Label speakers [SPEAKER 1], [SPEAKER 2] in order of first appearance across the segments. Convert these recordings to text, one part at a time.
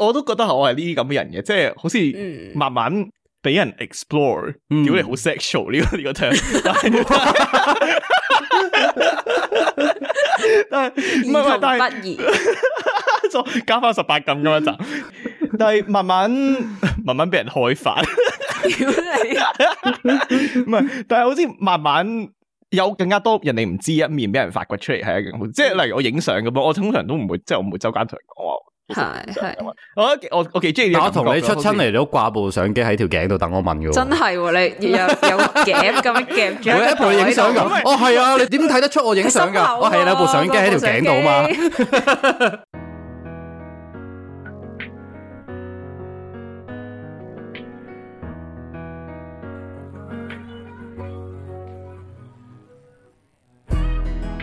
[SPEAKER 1] 我都覺得我係呢啲咁嘅人嘅，即係好似慢慢俾人 explore，屌，嗯、你好 sexual 呢、呢個呢、呢個
[SPEAKER 2] term，但係兒童不宜，
[SPEAKER 1] 再加翻十八禁咁一集， 但係慢慢慢慢俾人開發，屌你，唔係，但係好似慢慢有更加多人哋唔知一面俾人發掘出嚟係一件，即係例如我影相咁樣，我通常都唔會，即係我唔會周間同人講我。係係，我我我幾中意，我同你出親嚟，
[SPEAKER 3] 都掛部相機喺條頸度等我問㗎。真係
[SPEAKER 4] 你有
[SPEAKER 2] 有頸咁樣夾住，你影相噶？哦係啊，
[SPEAKER 4] 你點睇得出我影相噶？哦係
[SPEAKER 2] 啊，你部相機喺條頸度嘛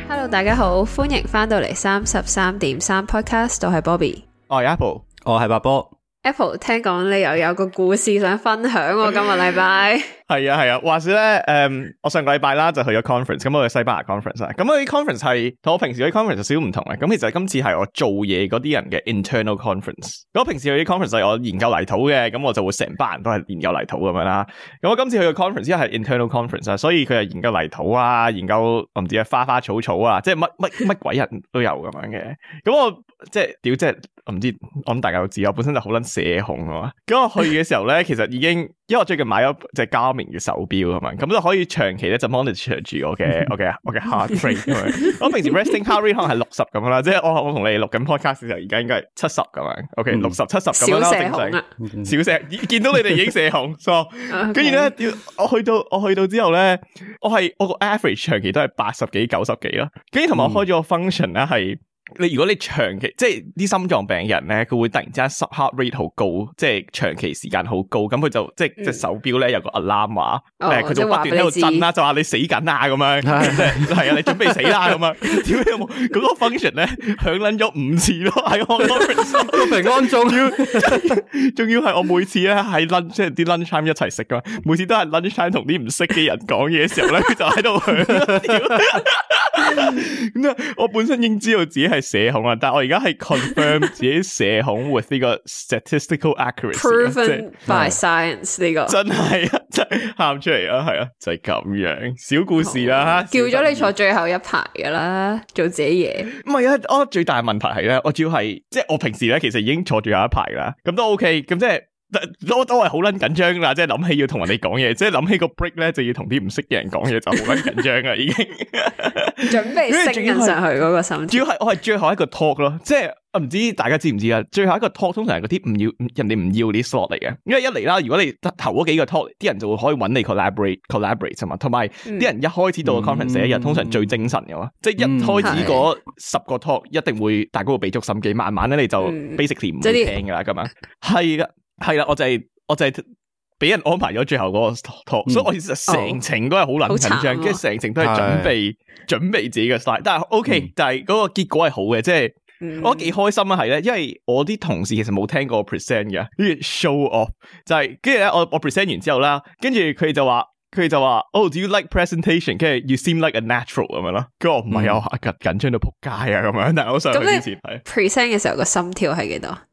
[SPEAKER 4] ？Hello，大家好，歡迎翻到嚟三十三點三 Podcast，我係 Bobby。
[SPEAKER 1] 我係 Apple，我係 8Ball。Apple，
[SPEAKER 4] 聽講你又有個故事想分享，啊，今日禮拜。
[SPEAKER 1] 係 啊係啊，話說咧，誒、嗯，我上個禮拜啦就去咗 conference，咁我去西班牙 conference 啊 con，咁我啲 conference 係同我平時啲 conference 少唔同嘅，咁其實今次係我做嘢嗰啲人嘅 internal conference，咁我平時去啲 con conference 係我，con 我研究泥土嘅，咁我就會成班人都係研究泥土咁樣啦，咁我今次去個 con conference 一係 internal conference 啊，所以佢係研究泥土啊，研究唔知啊花花草草啊，即係乜乜乜鬼人都有咁樣嘅，咁我即係屌即係我唔知，我諗大家都知，我本身就好捻社恐啊，嘛。咁我去嘅時候咧，其實已經。 因為我最近買咗隻佳明嘅手錶啊嘛，咁就可以長期咧就 monitor 住我嘅，我嘅我嘅 heart rate 咁樣。 我平時 resting heart rate 可能係六十咁啦，即係我我同你錄緊 podcast 嘅時候，而家應該係七十咁啊，ok 六十七十咁樣啦，正常。小射紅啊！小射，見到你哋已經射紅 so 跟住咧，我去到我去到之後咧，我係我個 average 長期都係八十幾、九十幾啦，跟住同埋我開咗個 function 咧係。你如果你長期即係啲心臟病人咧，佢會突然之間 rate 好高，即係長期時間好高，咁佢就即係隻手錶咧有個 alarm 啊，佢就不斷喺度震啦，就話你死緊啊咁樣，即係 啊，你準備死啦咁啊？屌，有冇嗰個 function 咧響撚咗五次咯？喺我個平安鐘仲要仲 要係我每次咧喺即係啲 lunch time 一齊食噶嘛，每次都係 lunch time 同啲唔識嘅人講嘢時候咧，佢就喺度響。No, 我本身已經知道自己係社恐啊，但我而家係 confirm 自己社恐 with 呢個 statistical accuracy，proven
[SPEAKER 4] by science 呢個。真係
[SPEAKER 1] 啊，真喊出嚟啊，係啊，就係、是、咁樣小故事啦的心叫咗你坐
[SPEAKER 4] 最後一排噶啦，做自己嘢。
[SPEAKER 1] 唔係啊，我最大的問題係咧，我主要係即、就是、我平時咧其實已經坐最後一排啦，咁都 OK，咁即係。都都係好捻緊張噶啦，即係諗起要同人哋講嘢，即係諗起個 break 咧，就要同啲唔識嘅人講嘢，就好捻緊張噶啦，已經
[SPEAKER 2] 準備升緊上
[SPEAKER 1] 去嗰個心。主要係我係最後一個 talk 咯，即係我唔知大家知唔知啦。最後一個 talk 通常係嗰啲唔要人哋唔要啲 slot 嚟嘅，因為一嚟啦，如果你頭嗰幾個 talk，啲人就會可以揾你 collaborate collaborate 嘛。同埋啲人一開始到個 conference 第一日，通常最精神噶嘛，即係一開始嗰十個 talk 一定會大家會備足心機，慢慢咧你就 basically 唔聽噶啦咁啊，係噶。係啦， 我就係、是，我就係俾人安排咗最後嗰個 talk，所以我其實成程都係好撚緊張，跟住成程都係準備， 準備自己嘅 style、okay, 嗯。但係 OK，但係嗰個結果係好嘅，即、就、係、是、我幾開心啊！係咧，因為我啲同事其實冇聽過 present 嘅，呢個 show off，就係跟住咧，我我 present 完之後啦，跟住佢就話，佢就話，哦、oh，do you like presentation？跟住 you seem like a natural 咁樣咯。嗰個唔係有我緊緊張到仆街啊咁樣。但係我上去之前
[SPEAKER 4] ，present 嘅時候個心跳係幾多？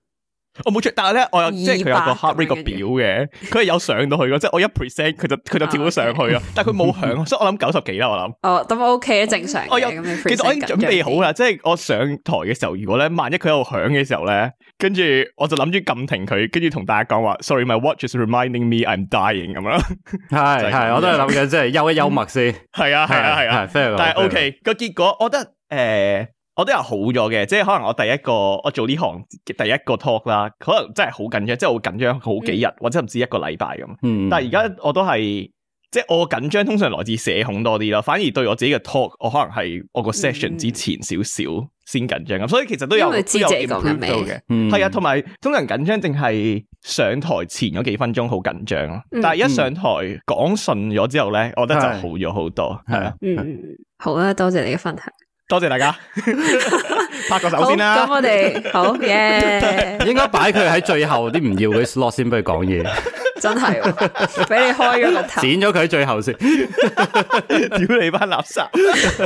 [SPEAKER 4] 我冇
[SPEAKER 1] 出，但係咧，我有即係佢有個 heart rate 個表嘅，佢係有上到去嘅，即係我一 present 佢就佢就跳咗上去啊，但係佢冇響，所以我諗九十幾啦，我諗。
[SPEAKER 4] 哦，咁 OK，啊？正常。我有，其實我已經準
[SPEAKER 1] 備好啦，即係我上台嘅時候，如果咧萬一佢喺度響嘅時候咧，跟住我就諗住撳停佢，跟住同大家講話，sorry，my watch is reminding me I'm dying 咁樣。係係，我都係諗緊，即係悠一幽默
[SPEAKER 3] 先。係啊係啊係啊，但係 OK
[SPEAKER 1] 個結果，我覺得誒。我都有好咗嘅，即係可能我第一個我做呢行第一個 talk 啦，可能真係好緊張，即係好緊張好幾日，或者唔止一個禮拜咁。但係而家我都係，即係我緊張通常來自社恐多啲咯，反而對我自己嘅 talk，我可能係我個 session 之前少少先緊張咁。所以其實都有知有點進步嘅，係啊。同埋通常緊張淨係上台前嗰幾分鐘好緊張咯，但係一上台講順咗之後咧，我覺得就好咗好多。
[SPEAKER 4] 係啊，嗯，好啊，多謝你嘅分享。
[SPEAKER 1] 多謝大家，
[SPEAKER 4] 拍個手先啦。咁我哋好耶，yeah.
[SPEAKER 3] 應該擺佢喺最後啲唔要嗰 slot 先，俾佢講嘢。
[SPEAKER 4] 真係俾你開咗個頭，
[SPEAKER 3] 剪咗佢最後先，屌 你班垃圾。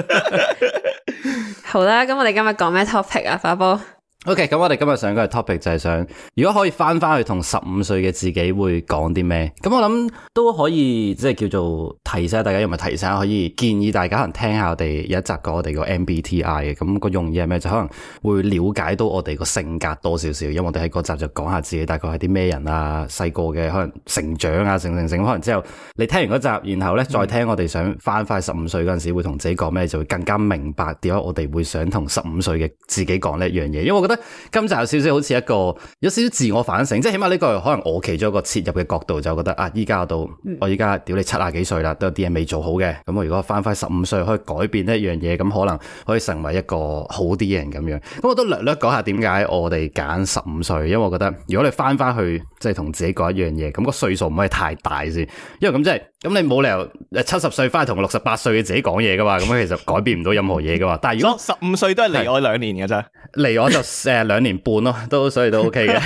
[SPEAKER 4] 好啦，咁我哋今日講咩 topic 啊？發波。
[SPEAKER 3] OK，咁我哋今日上一個 topic 就係想，如果可以翻翻去同十五歲嘅自己會講啲咩？咁我諗都可以，即係叫做提醒大家，又唔係提醒，可以建議大家可能聽下我哋有一集講我哋個 MBTI 嘅，咁個用意係咩？就可能會了解到我哋個性格多少少，因為我哋喺嗰集就講下自己大概係啲咩人啊，細個嘅可能成長啊，成成成，可能之後你聽完嗰集，然後咧再聽我哋想翻翻十五歲嗰陣時會同自己講咩，嗯、就會更加明白點解我哋會想同十五歲嘅自己講呢一樣嘢，因為今集有少少好似一個有少少自我反省，即係起碼呢個可能我其中一個切入嘅角度就覺得啊，依家到、嗯、我依家屌你七啊幾歲啦，都有啲嘢未做好嘅，咁我如果翻翻十五歲可以改變一樣嘢，咁可能可以成為一個好啲嘅人咁樣。咁我都略略講下點解我哋揀十五歲，因為我覺得如果你翻翻去即係同自己講一樣嘢，咁、那個歲數唔可以太大先，因為咁即係。咁你冇理由誒七十歲翻去同六十八歲嘅自己講嘢噶嘛？咁啊其實改變唔到任何嘢噶嘛。但係如果十五歲都係離我兩年嘅啫，離我就誒兩年半咯，都所以都 OK 嘅。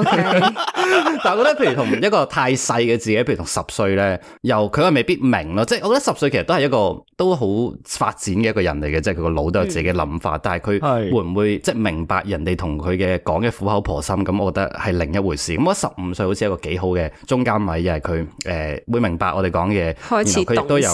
[SPEAKER 3] Okay. 但係我覺得譬如同一個太細嘅自己，譬如同十歲咧，又佢係未必明咯。即係我覺得十歲其實都係一個都好發展嘅一個人嚟嘅，即係佢個腦都有自己嘅諗法。嗯、但係佢會唔會是即係明白人哋同佢嘅講嘅苦口婆心咁？我覺得係另一回事。咁我十五歲好似一個幾好嘅中間位，又係佢誒會明白我哋。講嘢，開始然後佢亦都有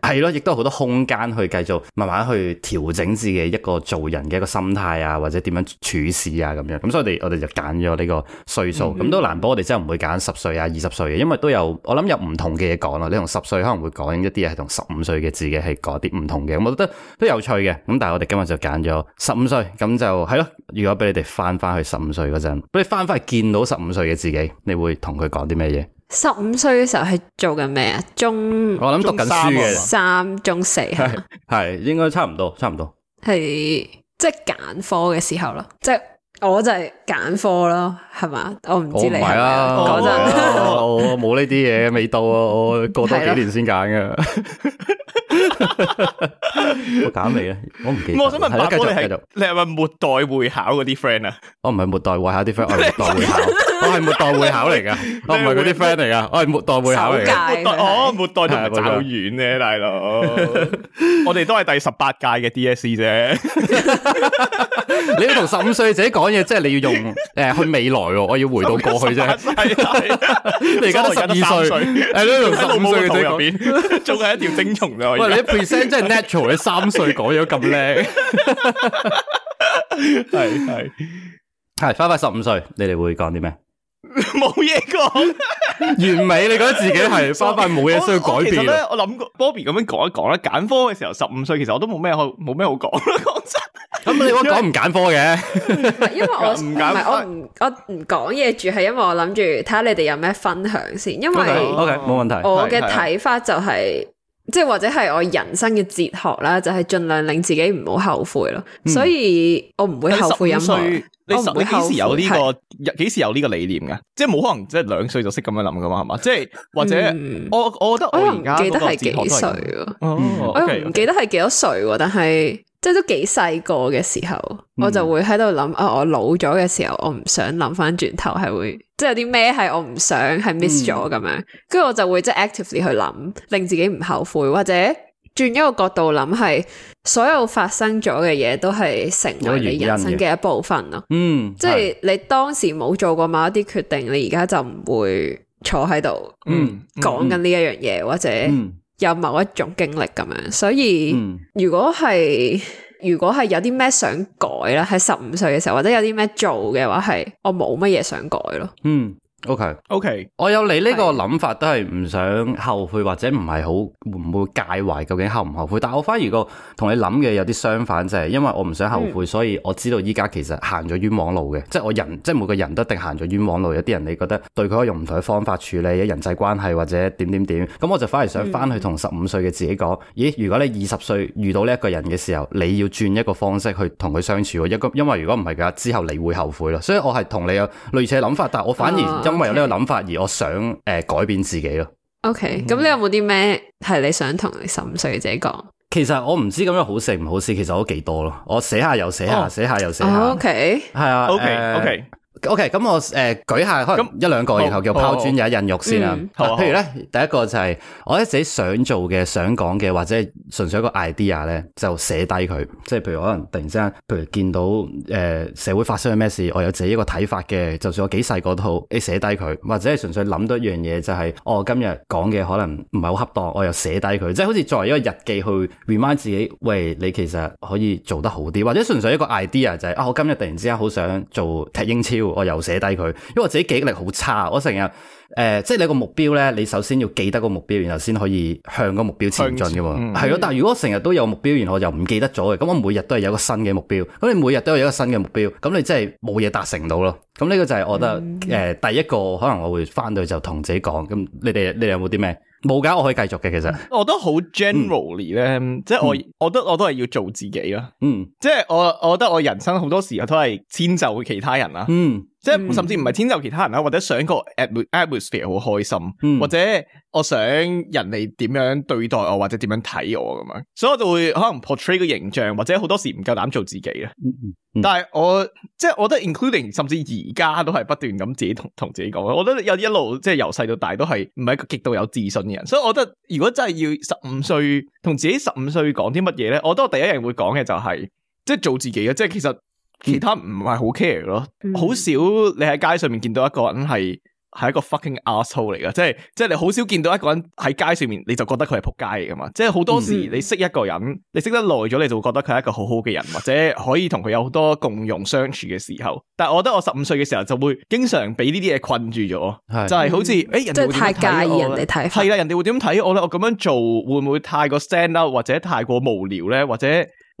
[SPEAKER 3] 係咯，亦都有好多空間去繼續慢慢去調整自己一個做人嘅一個心態啊，或者點樣處事啊咁樣。咁所以我哋我哋就揀咗呢個歲數，咁、嗯、哼都難保我哋真係唔會揀十歲啊、二十歲嘅，因為都有我諗有唔同嘅嘢講咯。你同十歲可能會講一啲嘢，係同十五歲嘅自己係講啲唔同嘅，咁我覺得都有趣嘅。咁但係我哋今日就揀咗十五歲，咁就係咯。如果俾你哋翻翻去十五歲嗰陣，俾你翻翻去見到十五歲嘅自己，你會同佢講啲咩嘢？
[SPEAKER 4] 十五歲嘅時候係做緊咩啊？中我諗讀緊書嘅三中四係
[SPEAKER 3] 係是吧應該差唔多，差唔多
[SPEAKER 4] 係即係揀科嘅時候咯，即係我就係揀科咯，係嘛？
[SPEAKER 2] 我唔知你係啊？嗰陣、哦、
[SPEAKER 3] 我冇呢啲嘢，未到啊，我過多幾年先揀㗎。 我揀你咧，我唔記
[SPEAKER 2] 得。我想問八哥，繼續繼續，
[SPEAKER 1] 你係咪末代會考嗰啲 friend 啊？我唔係末代會考啲 friend，我係末代會考，我係末代會考嚟噶，我唔係嗰啲 friend 嚟噶，我係末代會考嚟。屆哦，末代同唔走得遠咧，大佬。我哋都係第十八屆嘅 DSE 啫。
[SPEAKER 3] 你要同十五歲嘅仔講嘢，即係你要用誒去未來，我要回到過去啫。
[SPEAKER 2] 你而家十二歲，喺
[SPEAKER 3] 同十五歲嘅肚入
[SPEAKER 2] 邊，
[SPEAKER 1] 仲係一條精蟲啫。你 present 真係 natural，
[SPEAKER 3] 你三歲講咗咁靚，係係係。花花十五歲，你哋會講啲咩？
[SPEAKER 2] 冇嘢講，完美。你覺得自己係花花冇嘢需要改變？其實咧，
[SPEAKER 1] 我諗 Bobby 咁樣講一講啦。揀科嘅時候，十五歲其實我都冇咩好冇咩好講。
[SPEAKER 3] 咁你點解講唔揀科嘅？因
[SPEAKER 4] 為我唔揀係我唔我唔講嘢住，係因為我諗住睇下你哋有咩分享先。因為 OK
[SPEAKER 3] 冇問題，我嘅睇
[SPEAKER 4] 法就係。即係或者係我人生嘅哲學啦，就係、是、盡量令自己唔好後悔咯。嗯、所以我唔會後悔任何。會，你幾時有呢、呢個？
[SPEAKER 1] 幾時有呢個理念嘅？即係冇可能，即係兩歲就識咁樣諗噶嘛？係嘛？即係或者、嗯、我
[SPEAKER 4] 我覺得我而家都係幾歲？我唔記得係幾多歲，哦、okay, okay. 但係。即係都幾細個嘅時候，我就會喺度諗啊，我老咗嘅時候，我唔想諗翻轉頭係會，即係有啲咩係我唔想係 miss 咗咁樣，跟住、嗯、我就會即係 actively 去諗，令自己唔後悔，或者轉一個角度諗，係所有發生咗嘅嘢都係成為你人生嘅一部分咯。嗯，即係你當時冇做過某一啲決定，你而家就唔會坐喺度講緊呢一樣嘢，嗯、或者、嗯。有某一種經歷咁樣，所以、嗯、如果係如果係有啲咩想改啦，喺十五歲嘅時候或者有啲咩做嘅話，係我冇乜嘢想改
[SPEAKER 2] 咯。嗯。
[SPEAKER 3] O K O K，我有你呢個諗法，都係唔想後悔是或者唔係好唔會介懷，究竟後唔後悔。但係我反而個同你諗嘅有啲相反，就係因為我唔想後悔，嗯、所以我知道依家其實行咗冤枉路嘅，即係我人，即係每個人都一定行咗冤枉路。有啲人你覺得對佢可以用唔同嘅方法處理嘅人際關係或者點點點，咁我就反而想翻去同十五歲嘅自己講，嗯、咦，如果你二十歲遇到呢一個人嘅時候，你要轉一個方式去同佢相處，因為因為如果唔係嘅，之後你會後悔咯。所以我係同你有類似嘅諗法，但係我反而、啊。啊 Okay. 因為有呢個諗法而我想誒、呃、改變自己咯。
[SPEAKER 4] O K，咁你有冇啲咩係你想同你十五歲嘅自己講？
[SPEAKER 3] 其實我唔知咁樣好事唔好事，其實我都幾多咯。我寫下又寫下，寫、oh. 下又寫下。O
[SPEAKER 4] K，係啊。O K，O K。
[SPEAKER 3] OK，咁我誒舉下可能一兩個，然後叫拋磚引引玉先啦。譬如咧，好好第一個就係、是、我喺自己想做嘅、想講嘅，或者純粹一個 idea 咧，就寫低佢。即係譬如可能突然之間，譬如見到誒、呃、社會發生咗咩事，我有自己一個睇法嘅。就算我幾細個都好，你寫低佢，或者係純粹諗到一樣嘢、就是，就係哦今日講嘅可能唔係好恰當，我又寫低佢，即係好似作為一個日記去 remind 自己，喂，你其實可以做得好啲，或者純粹一個 idea 就係、是、啊，我今日突然之間好想做踢英超。我又寫低佢，因為我自己記憶力好差，我成日誒，即係你個目標咧，你首先要記得個目標，然後先可以向個目標前進噶喎，係咯、嗯。但係如果成日都有目標，然後我又唔記得咗嘅，咁我每日都係有個新嘅目標。咁你每日都有一個新嘅目標，咁你，你真係冇嘢達成到咯。咁呢個就係我覺得誒、嗯呃，第一個可能我會翻到去就同自己講。咁你哋你有冇啲咩？冇解，我可以繼續嘅，其
[SPEAKER 2] 實
[SPEAKER 1] 我都好 generally 咧、嗯，即係我我覺得我都係要做自己咯，嗯，即係我我覺得我人生好多時候都係遷就其他人啦，嗯。即係甚至唔係遷就其他人啦，或者想個 atmosphere 好開心，嗯、或者我想人哋點樣對待我，或者點樣睇我咁樣，所以我就會可能 portray 個形象，或者好多時唔夠膽做自己嘅。嗯嗯、但係我即係我覺得，including 甚至而家都係不斷咁自己同同自己講。我覺得有一路即係由細到大都係唔係一個極度有自信嘅人，所以我覺得如果真係要十五歲同自己十五歲講啲乜嘢咧？我覺得我第一樣會講嘅就係、是、即係做自己嘅，即係其實。其他唔係好 care 咯，好、嗯、少你喺街上面見到一個人係係一個 fucking asshole 嚟噶，即係即係你好少見到一個人喺街上面，你就覺得佢係仆街嚟噶嘛？即係好多時你識一個人，嗯、你識得耐咗，你就會覺得佢係一個好好嘅人，或者可以同佢有好多共用相處嘅時候。但係我覺得我十五歲嘅時候就會經常俾呢啲嘢困住咗，的就係好似誒，即係太介意人哋睇，係啦、欸，人哋會點睇我覺得我咁樣做會唔會太過 stand out 或者太過無聊呢？或者？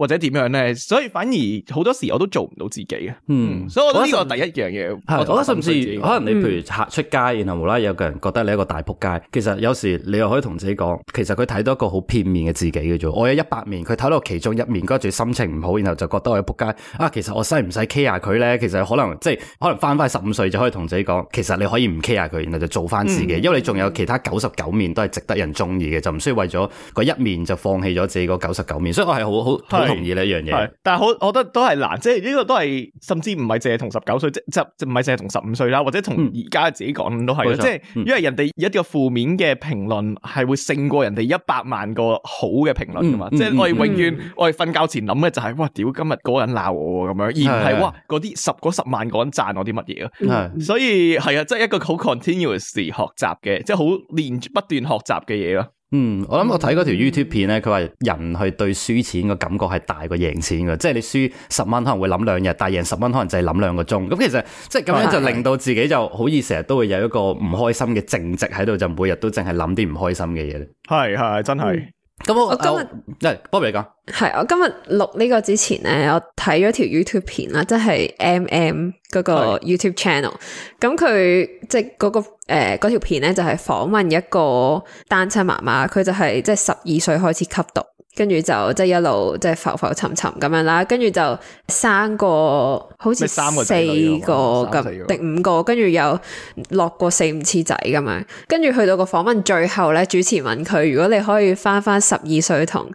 [SPEAKER 1] 或者點樣咧？所以反
[SPEAKER 3] 而好多時我都做唔到自己
[SPEAKER 1] 嘅。嗯，所以我呢個第一樣嘢、嗯，我覺得甚至可能你譬
[SPEAKER 3] 如出街，然後無啦啦有個人覺得你一個大仆街，嗯、其實有時你又可以同自己講，其實佢睇到一個好片面嘅自己嘅啫。我有一百面，佢睇到其中一面，跟住心情唔好，然後就覺得我係仆街。啊，其實我使唔使 care 佢咧？其實可能即係可能翻返十五歲就可以同自己講，其實你可以唔 care 佢，然後就做翻自己，嗯、因為你仲有其他九十九面都係值得人中意嘅，就唔需要為咗嗰一面就放棄咗自己嗰九十九面。所以我係好好。是是同意呢樣嘢，係，
[SPEAKER 2] 但好，
[SPEAKER 1] 我覺得都係難，即係呢個都係，甚至唔係淨係同十九歲，即即唔係淨係同十五歲啦，或者同而家自己講都係，即係因為人哋一個負面嘅評論係會勝過人哋一百萬個好嘅評論噶嘛，嗯、即係我哋永遠、嗯、我哋瞓覺前諗嘅就係、是，哇！屌今日嗰個人鬧我喎咁樣，而唔係的哇嗰啲十個十萬個人讚我啲乜嘢啊，的的所以係啊，即係一個好 continuous 學習嘅，即係好連不斷學習嘅嘢咯。
[SPEAKER 2] 嗯，
[SPEAKER 3] 我諗我睇嗰條 YouTube 片咧，佢話人去對輸錢個感覺係大過贏錢噶，即係你輸十蚊可能會諗兩日，但係贏十蚊可能就係諗兩個鐘。咁其實即係咁樣就令到自己就好似成日都會有一個唔開心嘅正值喺度，就每日都淨係諗啲唔開心嘅嘢。係係真
[SPEAKER 4] 係。嗯咁我，我今
[SPEAKER 3] 日即係波比講，
[SPEAKER 4] 係、哎、我，我今日錄呢個之前咧，我睇咗條 YouTube 片啦，即係 M M 嗰個 YouTube channel。咁佢是即係、那、嗰個誒條、呃、片咧，就係、是、訪問一個單親媽媽，佢就係、是、即係十二歲開始吸毒，跟住就即係一路即係浮浮沉沉咁樣啦，跟住就生過。好似三個三、四個、咁定五個，跟住又落過四五次仔噶嘛，跟住去到個訪問最後咧，主持問佢：如果你可以返返十二歲同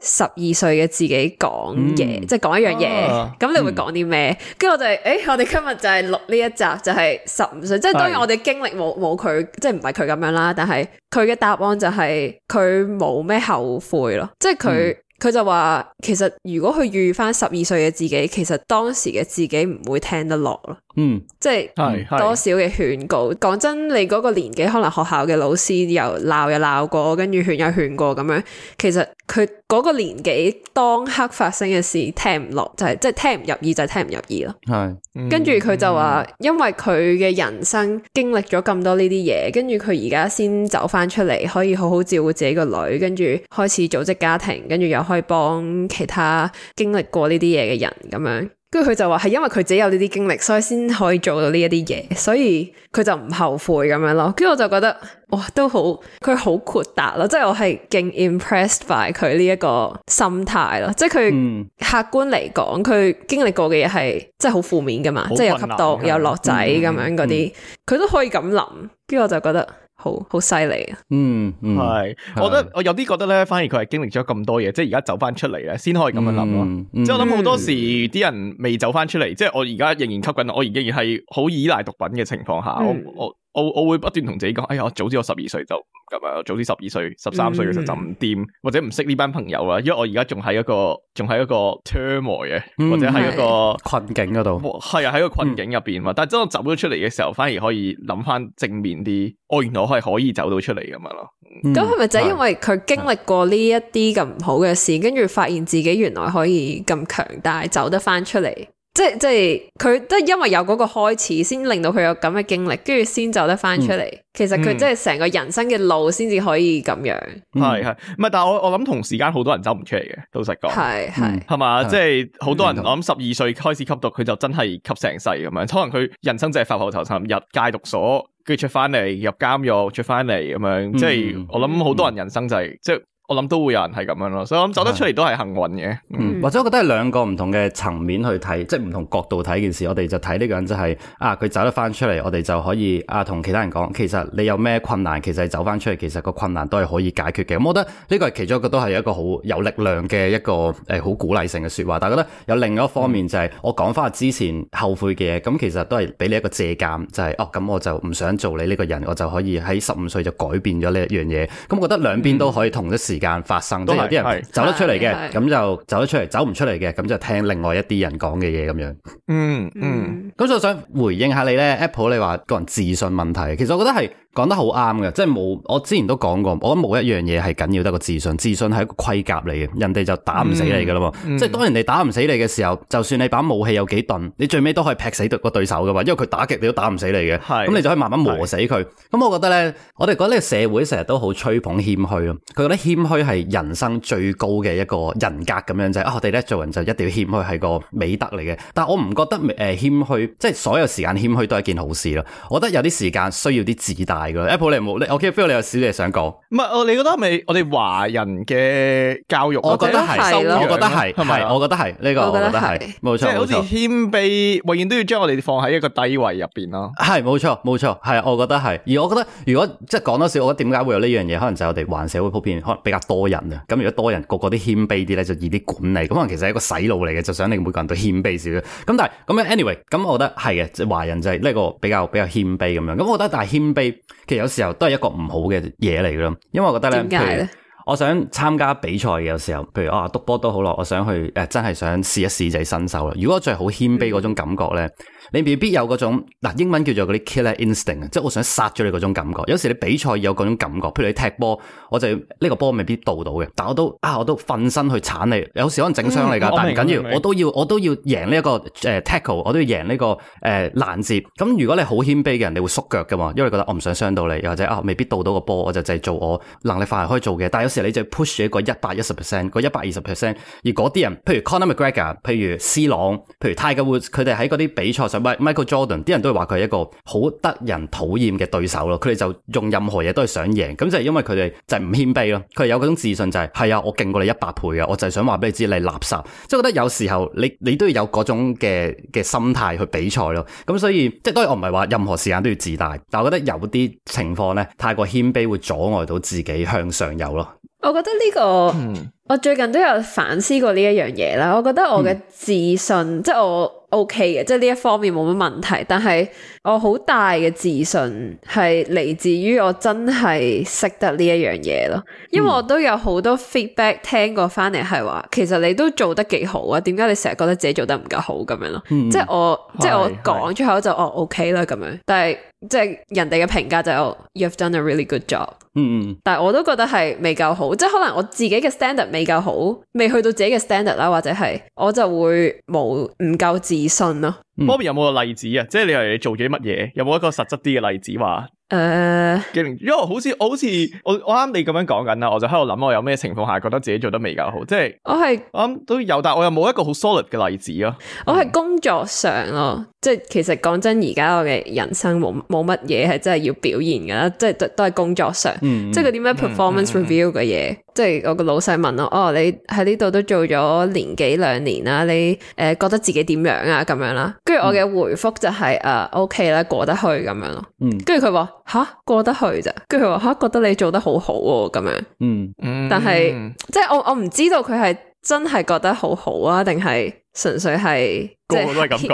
[SPEAKER 4] 十二歲嘅自己講嘢，嗯、即係講一樣嘢，咁、啊、你會講啲咩？跟住、嗯、我就係，誒、欸，我哋今日就係錄呢一集，就係十五歲，即係當然我哋經歷冇冇佢，即係唔係佢咁樣啦，但係佢嘅答案就係佢冇咩後悔咯，即係佢。嗯佢就話，其實如果佢遇翻十二歲嘅自己，其實當時嘅自己唔會聽得落咯。嗯，即係是、嗯、多少嘅勸告。講真，你嗰個年紀，可能學校嘅老師又鬧又鬧過，跟住勸又勸過咁樣。其實佢嗰個年紀當刻發生嘅事，聽唔落就係即係聽唔入耳，就係、是就是、聽唔入耳咯。係，跟住佢就話，因為佢嘅人生經歷咗咁多呢啲嘢，跟住佢而家先走翻出嚟，可以好好照顧自己個女，跟住開始組織家庭，跟住又可以幫其他經歷過呢啲嘢嘅人咁樣。跟住佢就話，係因為佢自己有呢啲經歷，所以先可以做到呢一啲嘢，所以佢就唔後悔咁樣咯。跟住我就覺得哇，都好，佢好豁達咯，即係我係勁 impressed by 佢呢一個心態咯，即係佢客觀嚟講，佢經歷過嘅嘢係即係好負面噶嘛，即係有吸毒、有落仔咁樣嗰啲，佢都可以咁諗，跟住我就覺得。好好犀利
[SPEAKER 2] 啊！嗯係，我覺得我
[SPEAKER 1] 有啲覺得咧，反而佢係經歷咗咁多嘢，即係而家走翻出嚟啊，先可以咁樣諗咯。嗯、即係我諗好多時，啲人未走翻出嚟，即係我而家仍然吸緊，我仍然係好依賴毒品嘅情況下，我、嗯、我。我我我會不斷同自己講，哎呀，我早知我十二歲就咁啊，早知十二歲、十三歲嘅時候就唔掂，嗯、或者唔識呢班朋友啦，因為我而家仲喺一個仲喺一個 turmoil 嘅，或者喺一個困、嗯、境嗰度。係啊，喺個困境入邊嘛，嗯、但係當我走咗出嚟嘅時候，反而可以諗翻正面啲。我、哦、原來係可以走到出嚟噶嘛咯。
[SPEAKER 4] 咁係咪就因為佢經歷過呢一啲咁唔好嘅事，跟住發現自己原來可以咁強大，走得翻出嚟？即即係佢都因為有嗰個開始，先令到佢有咁嘅經歷，跟住先走得翻出嚟。嗯、其實佢真係成個人生嘅路，先至可以咁樣。
[SPEAKER 1] 係係唔係？但係我我諗同時間好多人走唔出嚟嘅，老實講係係係嘛？即係好多人，的我諗十二歲開始吸毒，佢就真係吸成世咁樣。可能佢人生就係浮浮沉沉入入戒毒所，跟住出翻嚟入監獄，出翻嚟咁樣。即係我諗好多人，人人生就
[SPEAKER 3] 係、是嗯、即係。我諗都會有人係咁樣咯，所以我諗走得出嚟都係幸運嘅，嗯嗯、或者我覺得係兩個唔同嘅層面去睇，即係唔同角度睇件事。我哋就睇呢個人就係、是、啊，佢走得翻出嚟，我哋就可以啊同其他人講，其實你有咩困難，其實走翻出嚟，其實個困難都係可以解決嘅。咁、嗯、我覺得呢個係其中一個都係一個好有力量嘅一個誒好鼓勵性嘅說話。但係覺得有另外一方面就係、是、我講翻之前後悔嘅嘢，咁、嗯嗯、其實都係俾你一個借鑑，就係、是、哦，咁我就唔想做你呢個人，我就可以喺十五歲就改變咗呢一樣嘢。咁我覺得兩邊都可以同一。嗯嗯時間發生，是即啲人走得出嚟嘅，咁是就走得出嚟；是走唔出嚟嘅，咁就聽另外一啲人講嘅嘢咁樣。
[SPEAKER 2] 嗯嗯、
[SPEAKER 3] 咁、嗯、我想回應下你咧，Apple 你話個人自信問題，其實我覺得係講得好啱嘅，即係冇我之前都講過，我覺得冇一樣嘢係緊要得個自信，自信係一個盔甲嚟嘅，人哋就打唔死你噶啦嘛。嗯嗯、即係當人哋打唔死你嘅時候，就算你把武器有幾鈍，你最尾都可以劈死個對，對手噶嘛，因為佢打極你都打唔死你嘅。咁是，你就可以慢慢磨死佢。咁是我覺得咧，我哋覺得個社會成日都好吹捧謙虛啊，佢覺得謙。謙虛係人生最高嘅一個人格咁樣就係，啊我哋咧做人就一定要謙虛係個美德嚟嘅，但我唔覺得誒謙虛，即係所有時間謙虛都係一件好事咯。我覺得有啲時間需要啲自大噶。Apple、欸、你，你有少嘢想講？唔係我你覺得係咪我哋華人嘅教育我，我覺得係，我覺得係，係，我覺得係呢個，我覺得係，冇錯，即係好似
[SPEAKER 1] 謙卑永遠都要將我哋放喺一個低位入邊咯。
[SPEAKER 3] 係冇錯，冇錯，係我覺得係。而我覺得如果，如果即係講多少，我覺得點解會有呢樣嘢，可能就係我哋華社會普遍可能比較多人啊，咁如果多人個個都謙卑啲咧，就易啲管理。咁啊，其實係一個洗腦嚟嘅，就想令每個人都謙卑少少。咁但係咁樣，anyway，咁我覺得係嘅，即係華人就係呢個比較比較謙卑咁樣。咁我覺得但係謙卑，其實有時候都係一個唔好嘅嘢嚟咯，因為我覺得咧。點解咧？我想參加比賽嘅時候，譬如我話篤波都好咯，我想去誒，真係想試一試就係新手啦。如果最好謙卑嗰種感覺咧，嗯、你未必有嗰種嗱，英文叫做嗰啲 killer instinct 即係我想殺咗你嗰種感覺。有時你比賽有嗰種感覺，譬如你踢波，我就呢、這個波未必到到嘅，但我都啊，我都瞓身去鏟你，有時可能整傷你噶，嗯、我但係唔緊要，我都要贏 le, 我都要贏呢一個誒 tackle，我都要贏呢個誒攔截。咁如果你好謙卑嘅人，你會縮腳噶嘛，因為你覺得我唔想傷到你，又或者啊，未必到到個波，我就就做我能力範圍可以做嘅，但時你就 push 住一個一百一十 percent，個一百二十 percent，而嗰啲人，譬如 Conor McGregor，譬如 C 朗，譬如泰格伍茲，佢哋喺嗰啲比賽上，Michael Jordan 啲人都話佢係一個好得人討厭嘅對手咯。佢哋就用任何嘢都係想贏，咁就係因為佢哋就係唔謙卑咯。佢有嗰種自信就係、係、係啊，我勁過你一百倍啊，我就係想話俾你知你垃圾。即係覺得有時候你你都要有嗰種嘅嘅心態去比賽咯。咁所以即係當然我唔係話任何時間都要自大，但係我覺得有啲情況咧，太過謙卑會阻礙到自己向上游咯。
[SPEAKER 4] 我覺得呢個，嗯。我最近都有反思過呢一樣嘢啦，我覺得我嘅自信，嗯、即係我 OK 嘅，即係呢一方面冇乜問題。但係我好大嘅自信係嚟自於我真係識得呢一樣嘢咯。因為我都有好多 feedback 聽過翻嚟係話，嗯、其實你都做得幾好啊，點解你成日覺得自己做得唔夠好咁樣咯、啊？嗯、即係我、嗯、即係我講出口就哦 OK 啦咁樣，但係即係人哋嘅評價就是 oh, You've done a really good job，嗯嗯，嗯但係我都覺得係未夠好，即係可能我自己嘅 standard。未夠好，未去到自己嘅 standard 啦，或者係我就會冇唔夠自信咯。
[SPEAKER 1] Bobby 有冇個例子啊？嗯、即係你係做咗啲乜嘢？有冇一個實質啲嘅例子話？
[SPEAKER 4] 誒、
[SPEAKER 1] 呃，因為好似我好似我我啱你咁樣講緊啦，我就喺度諗我有咩情況下覺得自己做得未夠好？即係我係我諗都有，但我又冇一個好 solid 嘅例子
[SPEAKER 4] 啊。我係工作上咯，嗯、即係其實講真，而家我嘅人生冇冇乜嘢係真係要表現噶啦，即係都都係工作上，
[SPEAKER 2] 嗯、即係嗰啲咩 performance
[SPEAKER 4] review 嘅嘢，嗯嗯，即係我個老細問我，哦，你喺呢度都做咗年幾兩年啦，你誒覺得自己點樣啊？咁樣啦。跟住我嘅回覆就係誒 O K 啦過得去咁樣咯，跟住佢話吓過得去咋？跟住佢話吓覺得你做得好好喎咁樣，嗯嗯，但係即係我我唔知道佢係真係覺得好好啊，定係純粹係即係客氣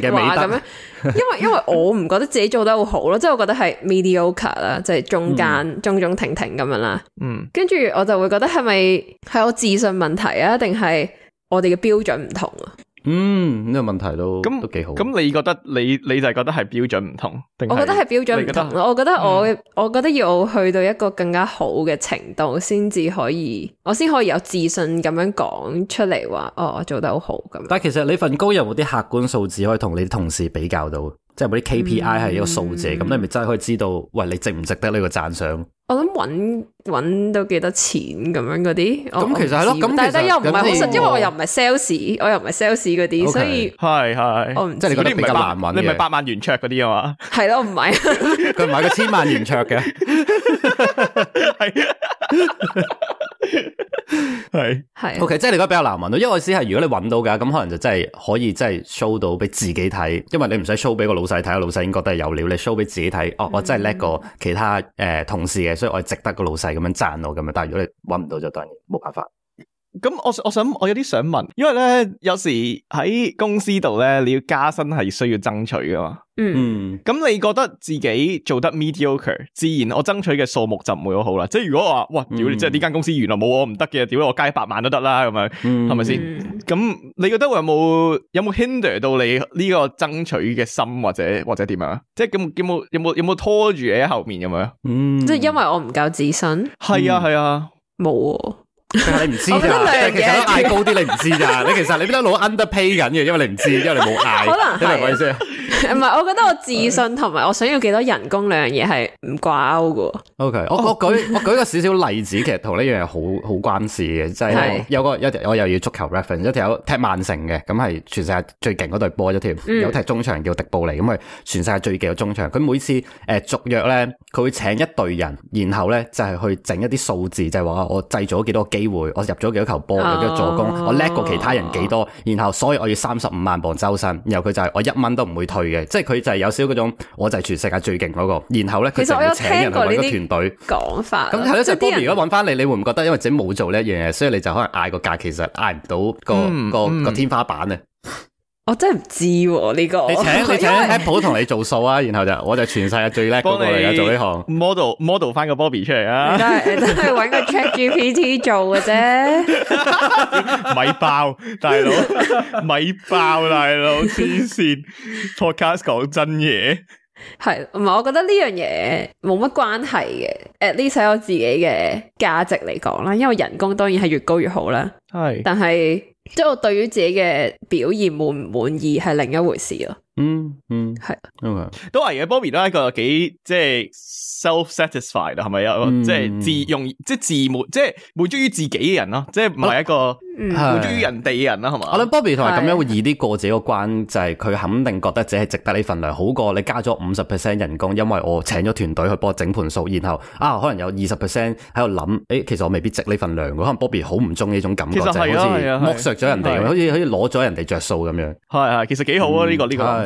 [SPEAKER 4] 說話咁樣？因為因為我唔覺得自己做得好好咯，即係 我覺得係 mediocre 啦，即係中間中中停停咁樣啦。嗯，跟住我就會覺得係咪係我自信問題啊？定係我哋嘅標準唔同啊？
[SPEAKER 1] 嗯，呢、這個問題都咁那都幾好。咁你覺得你你就係覺得係標準唔同定？我覺得係標準唔同。我我覺得我、嗯、
[SPEAKER 4] 我覺得要去到一個更加好嘅程度，先至可以，我先可以有自信咁樣講出嚟，話哦，我做得好好咁。
[SPEAKER 3] 但係其實你份工有冇啲客觀數字可以同你啲同事比較到？即係有冇啲 KPI 係一個數字咁，嗯、你咪真係可以知道，喂，你值唔值得呢個讚賞？
[SPEAKER 4] 我諗揾揾到幾多錢咁樣嗰啲，咁其實係咯，咁但係又唔係好實，因為我又唔係 sales，我又唔係 sales 嗰啲，Okay.
[SPEAKER 1] 所以係係，是是即係你嗰啲比較難揾，你唔係百萬圓桌嗰啲啊嘛？
[SPEAKER 4] 係咯， 唔係佢唔
[SPEAKER 3] 係個千萬圓桌嘅。 系
[SPEAKER 2] 系，OK，即係你覺得比較
[SPEAKER 3] 難揾到。因為我知係如果你揾到嘅，咁可能就真係可以真係 show 到俾自己睇，因為你唔使 show 俾個老細睇，老細已經覺得係有料，你 show 俾自己睇，嗯、哦，我真係叻過其他誒、呃、同事嘅，所以我係值得個老細咁樣讚我咁樣。但係如果你揾唔到就當然，冇辦法。
[SPEAKER 1] 咁我我想我有啲想問，因為咧有時喺公司度咧，你要加薪係需要爭取噶嘛？嗯，咁、嗯、你覺得自己做得 mediocre，自然我爭取嘅數目就唔會好好啦。即係如果話哇，屌，即係呢間公司原來，冇我唔得嘅，屌，我加一百萬都得啦，咁樣係咪先？咁吧、嗯、你覺得我有冇有冇 hinder 到你呢個爭取嘅心或，或者或者點樣啊？即係咁有冇有冇有冇拖住你喺後面咁樣？嗯，
[SPEAKER 4] 即係因為我唔夠自信。係啊係啊，冇。你唔知㗎， 其實都嗌高
[SPEAKER 3] 啲你唔知咋， 你其實你邊得攞 under pay 緊嘅，因為你唔知，因為你冇嗌，明唔明意思？
[SPEAKER 4] 唔係，我覺得我自信同埋我想要幾多人工兩樣嘢係唔掛鈎嘅。
[SPEAKER 3] OK，我、oh. 我舉我舉個少少例子，其實同呢樣係好好關事嘅，即、就、係、是、是有個一我又要足球 reference，一條友踢曼城嘅，咁係全世界最勁嗰隊波咗添，mm. 有踢中場叫迪布尼，咁佢全世界最勁嘅中場，佢每次啲誒續約咧，佢會請一隊人，然後咧就係、是、去整一啲數字，就係、是、話我製造咗幾多機。機會我入咗幾多球波，幾多助攻，oh. 我叻過其他人幾多，然後所以我要三十五萬磅周薪。然後佢就係我一蚊都唔會退嘅，即係佢就係有少少嗰種，我就係全世界最勁嗰、那個，然後咧佢成日要請人去搵個團隊
[SPEAKER 4] 講法、啊，咁係咯，即係 Bobby 如果
[SPEAKER 3] 搵翻你，你會唔覺得因為自己冇做呢一樣嘢，所以你就可能嗌個價其實嗌唔到個個、嗯嗯、個天花板咧。我真係唔知呢，啊這個。
[SPEAKER 2] 你請 你請
[SPEAKER 3] Apple 同你做數啊，然後就我就
[SPEAKER 1] 全世界最叻嗰個嚟啊，做呢行 model model 翻個 Bobby 出
[SPEAKER 2] 嚟啊， 都係搵個 Chat
[SPEAKER 4] GPT 做嘅啫。
[SPEAKER 1] 咪爆大佬，咪爆大佬，黐線 Podcast 講真嘢，
[SPEAKER 4] 係唔係？我覺得呢樣嘢冇乜關係嘅，at least 喺我自己嘅價值嚟講啦，因為人工當然係越高越好啦，係，但係。即係我對於自己嘅表現滿唔滿意係另一回事咯。嗯嗯係，
[SPEAKER 1] 都係嘅。Bobby 都係一個幾即係 self satisfied 係咪啊？即係自用即係自滿，即係滿足於自己嘅人咯。即係唔係一個滿足於人哋嘅人啦，係嘛？我
[SPEAKER 3] 覺得 Bobby 同埋咁樣會易啲過自己個關，就係佢肯定覺得自己係值得呢份糧，好過你加咗五十 percent 人工，因為我請咗團隊去幫我整盤數，然後啊，可能有二十 percent 喺度諗，誒，其實我未必值呢份糧嘅。可能 Bobby 好唔中呢種感覺，就係好似剝削咗人哋，好似好似攞咗人哋着數咁樣。係
[SPEAKER 2] 啊，
[SPEAKER 3] 其實幾好啊呢個呢個。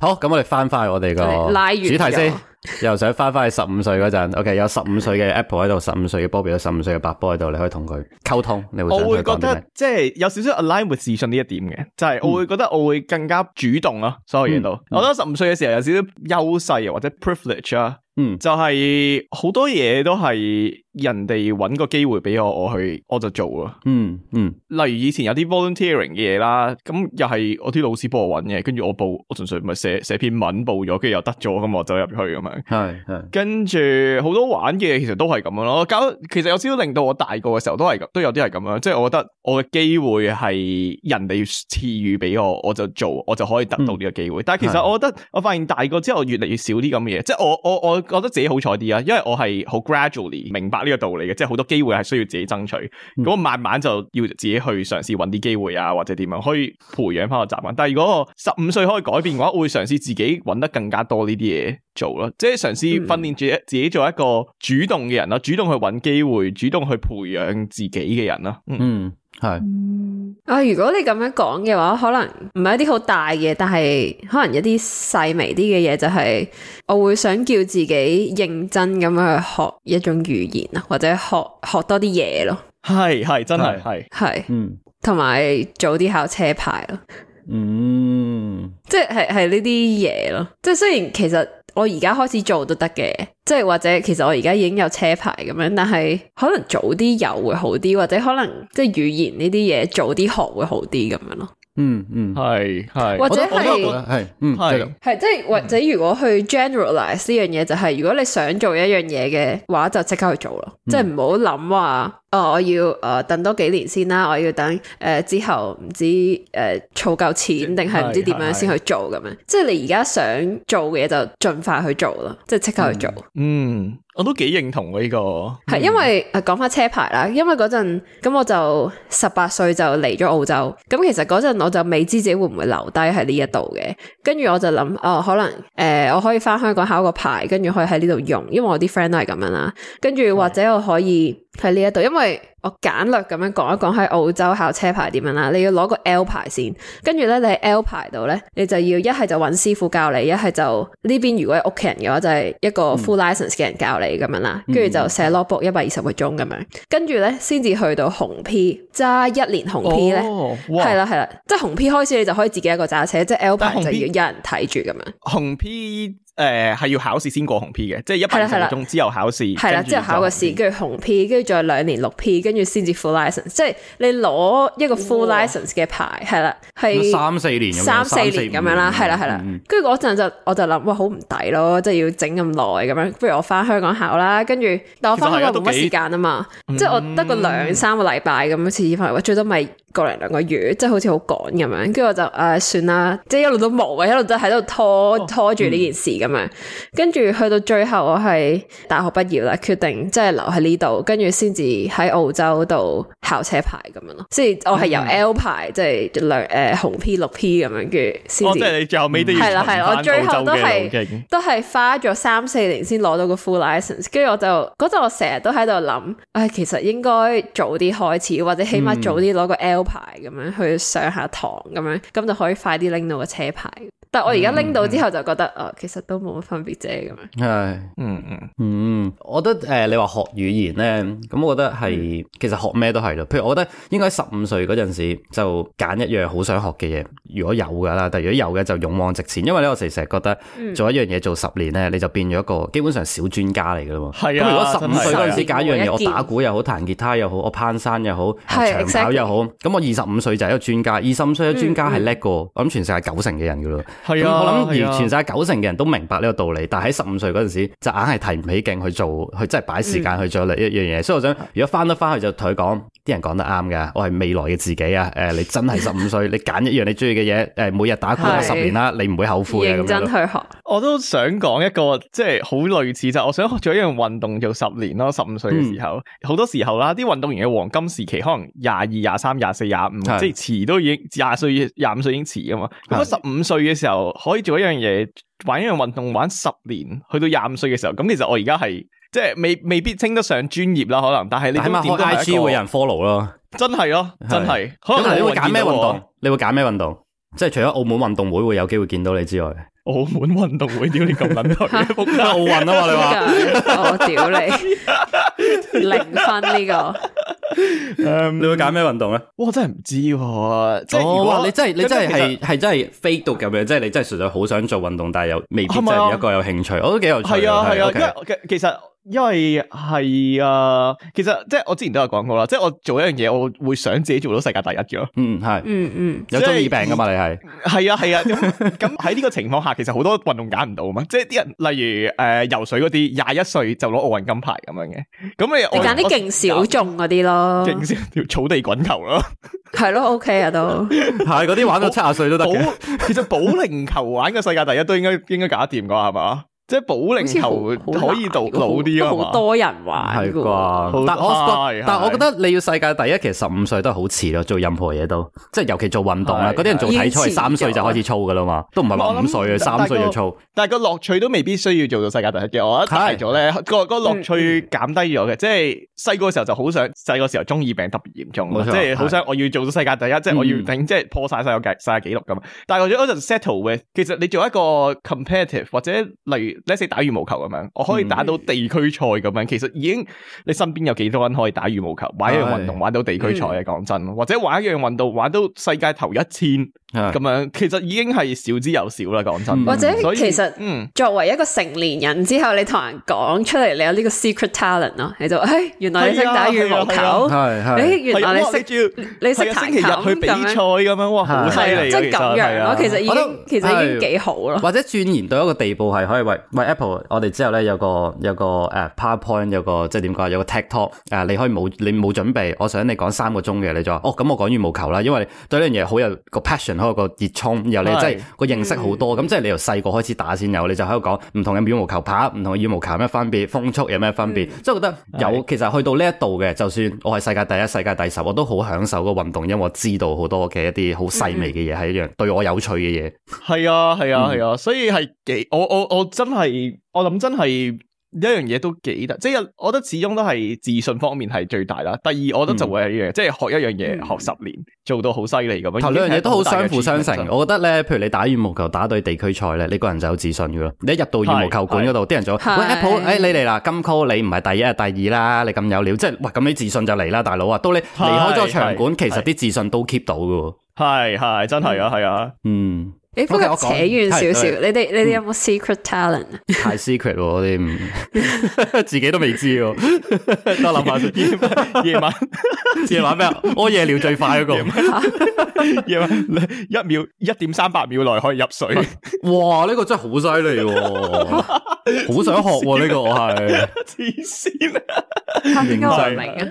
[SPEAKER 3] 好，咁我哋翻翻去我哋個主題先，又想翻翻去十五歲嗰陣。OK，有十五歲嘅 Apple 喺度，十五歲嘅 Bobby，有十五歲嘅白波喺度，你可以同佢溝通。你會我會覺得即係、就是、有少少 align with 自信呢一
[SPEAKER 1] 點嘅，就係、是、我會覺得我會更加主動咯、啊。所有嘢都，嗯嗯、我覺得，十五歲嘅時候有少少優勢或者 privilege 啦、啊。嗯，就係好多嘢都係人哋揾個機會俾我，我去我就做咯、嗯。嗯嗯，例如以前有啲 volunteering 嘅嘢啦，咁又係我啲老師幫我揾嘅，跟住我報，我純粹唔係。寫寫篇文報咗，跟住又得咗咁，我走入去咁樣。係跟住好多玩嘅其實都係咁樣咯。搞，其實有少少令到我大個嘅時候都係都有啲係咁樣。即係我覺得我嘅機會係人哋賜予俾我，我就做，我就可以得到呢個機會。嗯、但係其實我覺得是我發現大個之後越嚟越少啲咁嘅嘢。即係我我我覺得自己好彩啲啊，因為我係好 gradually 明白呢個道理嘅，即係好多機會係需要自己爭取。咁、嗯、慢慢就要自己去嘗試揾啲機會啊，或者點樣可以培養翻個習慣。但係如果我十五歲可以改變嘅話，會。 嘗試自己揾得更加多呢啲嘢做咯，即係嘗試訓練住自己做一個主動嘅人咯，嗯、主動去揾機會，主動去培養自己嘅人咯。嗯，係、嗯。
[SPEAKER 4] 啊，如果你咁樣講嘅話，可能唔係一啲好大嘅，但係可能一啲細微啲嘅嘢，就係我會想叫自己認真咁樣去學一種語言啊，或者學學多啲嘢咯。係係真係係係，係係嗯，同埋早啲考車牌咯。嗯，即係係呢啲嘢咯，即係雖然其實我而家開始做都得嘅，即係或者其實我而家已經有車牌咁樣，但係可能早啲有會好啲，或者可能即係語言呢啲嘢早啲學會好啲咁樣咯，嗯。嗯
[SPEAKER 1] 嗯，係係，或者係係，嗯係
[SPEAKER 4] 係，即係或者如果去 generalize 呢樣嘢，就係、係、如果你想做一樣嘢嘅話，就即刻去做咯，即係唔好諗話。哦，我要誒、呃、等多幾年先啦，我要等誒、呃、之後唔知誒儲、呃、夠錢定係唔知點樣先去做咁樣，即係你而家想做嘅嘢就盡快去做咯，即係即刻去做。
[SPEAKER 1] 嗯，我都幾認同呢個，係、嗯、因
[SPEAKER 4] 為誒講翻車牌啦，因為嗰陣咁我就十八歲就嚟咗澳洲，咁其實嗰陣我就未知自己會唔會留低喺呢一度嘅，跟住我就諗哦、呃，可能誒、呃、我可以翻香港考個牌，跟住可以喺呢度用，因為我啲 friend 都係咁樣啦，跟住或者我可以喺呢一度，因為、嗯。因為我簡略咁樣講一講喺澳洲考車牌點樣啦，你要攞個 L 牌先，跟住咧你喺 L 牌度咧，你就要一係就揾師傅教你，一係就呢邊如果係屋企人嘅話就係、係、一個 full license 嘅人教你咁樣啦，跟住、嗯、就寫 logbook 一百二十個鐘咁樣，跟住咧先至去到紅 P 揸一年紅 P 咧，係啦係啦，即係紅 P 開始你就可以自己一個揸車，即係 L 牌就要有人睇住咁樣。
[SPEAKER 1] 紅 P。誒，係、呃、要考試先過紅 P 嘅，即、就、係、是、一排鐘之後考試，係啦的，之的後考個
[SPEAKER 4] 試，跟住紅 P，跟住再兩年六 P，跟住先至 full license，即係你攞一個 full license 嘅牌，係啦哇，係三四年有冇，三四年咁樣啦，係啦，係啦，跟住嗰陣就我就諗，哇，好唔抵咯，即係要整咁耐咁樣，不如我翻香港考啦，跟住，但我翻香港冇乜時間啊嘛，嗯、即係我得個兩三個禮拜咁樣次次翻，嚟。或者最多咪、就是。過嚟兩個月，即係好似好趕咁樣，跟住我就誒，算啦，即係一路都冇啊，一路都喺度拖拖住呢件事咁樣。跟住去到最後，我係大學畢業啦，決定即係留喺呢度，跟住先至喺澳洲度考車牌咁樣咯。即係我係由 L 牌、嗯、即係兩誒，紅 P 綠 P 咁樣，跟住先至。哦、即係你最後尾都係。係啦係啦，我最後都係都係花咗三四年先攞到個 full license，跟住我就嗰陣我成日都喺度諗，誒、啊、其實應該早啲開始，或者起碼早啲攞個 L、嗯。牌咁樣去上下堂咁樣，咁就可以快啲拎到個車牌。但我而家拎到之後就覺得，哦，其實都冇乜分別啫咁樣。
[SPEAKER 3] 係，嗯嗯嗯，我覺得，誒，你話學語言咧，咁我覺得係，其實學咩都係咯。譬如我覺得應該十五歲嗰陣時就揀一樣好想學嘅嘢，如果有噶啦，但如果有嘅就勇往直前。因為咧我成日覺得做一樣嘢做十年咧，你就變咗一個基本上小專家嚟噶啦。係啊。如果十五歲嗰陣時揀一樣嘢，我打鼓又好，彈吉他又好，我攀山又好，長跑又好，咁我二十五歲就係一個專家。二十五歲嘅專家係叻過，我諗全世界九成嘅人噶咯。係啊，我諗完全晒九成嘅人都明白呢個道理，但係喺十五歲嗰陣時就硬係提唔起勁去做，去即係擺時間去做另一樣嘢。所以我想，如果翻得翻去就同佢講，啲人講得啱噶，我係未來嘅自己啊！誒，你真係十五歲，你揀一樣你中意嘅嘢，誒，每日打鼓十年啦，你唔會後悔啊！認真去學，我都想
[SPEAKER 1] 講一個即係好類似就係我想做一樣運動做十年咯。十五歲嘅時候，好多時候啦，啲運動員嘅黃金時期可能廿二、廿三、廿四、廿五，即係遲都已經廿歲、廿五歲已經遲噶嘛。咁十五歲嘅時候。就可以做一樣嘢，玩一樣運動玩十年，去到廿五歲嘅時候，咁其實我而家係即係未未必稱得上專業啦，可能，但係你都點 IG 會有人 follow 咯，真係咯，真係。可能你會揀咩運動？運動
[SPEAKER 3] 啊、你會揀咩運動？即係除咗澳門運動會會有機會見到你之外。澳門運動會屌你咁撚頭？
[SPEAKER 2] 國家奧運啊嘛，你話我屌你零分
[SPEAKER 4] 呢個？
[SPEAKER 3] 誒，你會揀咩運動咧？我真係唔知，即係如
[SPEAKER 1] 果你
[SPEAKER 4] 真係你真係係
[SPEAKER 3] 係真係飛到咁樣，即係你真係純粹好想做運動，但係又未必真係一個有興趣，我都幾有趣啊！係啊，因為其實因為係啊，其實
[SPEAKER 1] 即係我之前都有講過啦，即係我做一樣嘢，我會想自己做到世界第一嘅，嗯，係，嗯
[SPEAKER 3] 嗯，
[SPEAKER 2] 有中耳病噶
[SPEAKER 1] 嘛？你係係啊係啊，咁喺呢個情況下。其實好多運動揀唔到啊嘛，即係啲人，例如誒游水嗰啲，廿一歲就攞奧運金牌咁樣嘅，
[SPEAKER 4] 咁你揀啲勁小眾嗰啲咯選，勁少
[SPEAKER 1] 條草地滾球
[SPEAKER 4] 咯， 係咯，OK 啊都，
[SPEAKER 1] 係嗰啲玩到七十歲都得嘅，其實保齡球玩嘅世界第一都應該 應該搞得掂噶，係嘛？
[SPEAKER 4] 即係保齡球可以到老啲啊，好多人玩。係
[SPEAKER 2] 啩，
[SPEAKER 4] 但係我覺
[SPEAKER 3] 得你要世界第一，其實十五歲都係好遲咯。做任何嘢都，即係尤其做運動啦，嗰啲人做體操係三歲就開始操嘅啦嘛，都唔係話五歲啊，三歲就操。
[SPEAKER 1] 但係個樂趣都未必需要做到世界第一嘅。我一睇大咗咧，個個樂趣減低咗嘅。即係細個時候就好想，細個時候中二病特別嚴重，即係好想我要做到世界第一，即係我要頂，即係破曬世界世界紀錄咁。但係我覺得 settle with，其實你做一個 competitive 或者例如。你似打羽毛球咁樣，我可以打到地區賽咁樣，嗯、其實已經你身邊有幾多人可以打羽毛球，玩一樣運動玩到地區賽嘅，講、嗯、真，或者玩一樣運動玩到世界頭一千。咁樣其實已經係少之又少啦，講真。或者其實，嗯，
[SPEAKER 4] 作為一個成年人之後，以嗯、你同人講出嚟，你有呢個 secret talent 咯，你就誒、哎，原來你識打羽毛球，誒，原來你識你識彈琴咁樣，哇，
[SPEAKER 1] 好
[SPEAKER 3] 犀利，真咁樣，我樣樣其實已經都其實已經幾好啦。或者鑽研到一個地步，係可以為為 Apple，我哋之後咧有個有個誒、uh, PowerPoint 有個即係點講，有個 Tech Talk 誒、uh,，你可以冇你冇準備，我想你講三個鐘嘅，你就哦咁我講羽毛球啦，因為對呢樣嘢好有個 passion。開個熱衷有，然後你真係個認識好多，咁、嗯、即係你由細個開始打先有，你就喺度講唔同嘅羽毛球拍，唔同嘅羽毛球有咩分別，風速有咩分別，即係、嗯、覺得有是其實去到呢一度嘅，就算我係世界第一、世界第十，我都好享受個運動，因為我知道好多嘅一啲好細微嘅嘢係一樣對我有趣嘅嘢。
[SPEAKER 1] 係啊係啊係啊、嗯、啊，所以係幾我我我，我真係我諗真係。一樣嘢都幾得，即係我覺得始終都係自信方面係最大啦。第二，我覺得就會係一樣，即係學一樣嘢學十年，做到好犀利咁樣。兩樣嘢都好相輔相成。我
[SPEAKER 3] 覺得咧，譬如你打羽毛球打對地區賽咧，你個人就有自信噶啦。你一入到羽毛球館嗰度，啲人就喂 Apple，誒你嚟啦，金 call 你唔係第一係第二啦，你咁有料，即係喂咁你自信就嚟啦，大佬啊，到你離開咗場館，其實啲自信都 keep 到噶。係係真係啊，係啊，嗯。
[SPEAKER 4] 誒，嗰、okay，我扯遠少少，你哋你哋有冇 secret talent？
[SPEAKER 3] 太 secret，我哋唔、嗯、自己都未知哦。 我諗下先。夜晚， 夜晚咩啊？屙夜尿最快嗰個。
[SPEAKER 2] 夜晚一
[SPEAKER 1] 秒一點三八秒內可以入水。
[SPEAKER 3] 哇，呢、這個真係
[SPEAKER 1] 好犀利，
[SPEAKER 2] 好 想學呢個。我係黐線啊！點解唔明啊？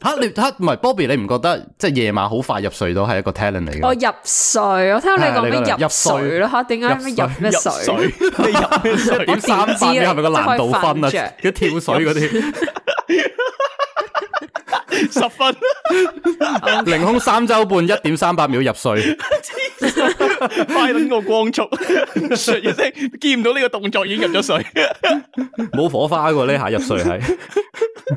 [SPEAKER 3] 吓你吓唔係，Bobby 你唔覺得即係夜晚好快入睡都係一個 talent 嚟嘅？我
[SPEAKER 4] 入睡，我聽到你講咩入睡咯吓？點解咩入咩睡、啊、水，水？
[SPEAKER 3] 你
[SPEAKER 1] 入水，一點三分，你係咪個難度分啊？
[SPEAKER 3] 一跳水嗰啲 十分，凌空三周半，一點三八秒入睡，
[SPEAKER 1] 快到個光速，一啲見唔到呢個動作已經入咗水，
[SPEAKER 3] 冇 火花嘅呢下入睡係。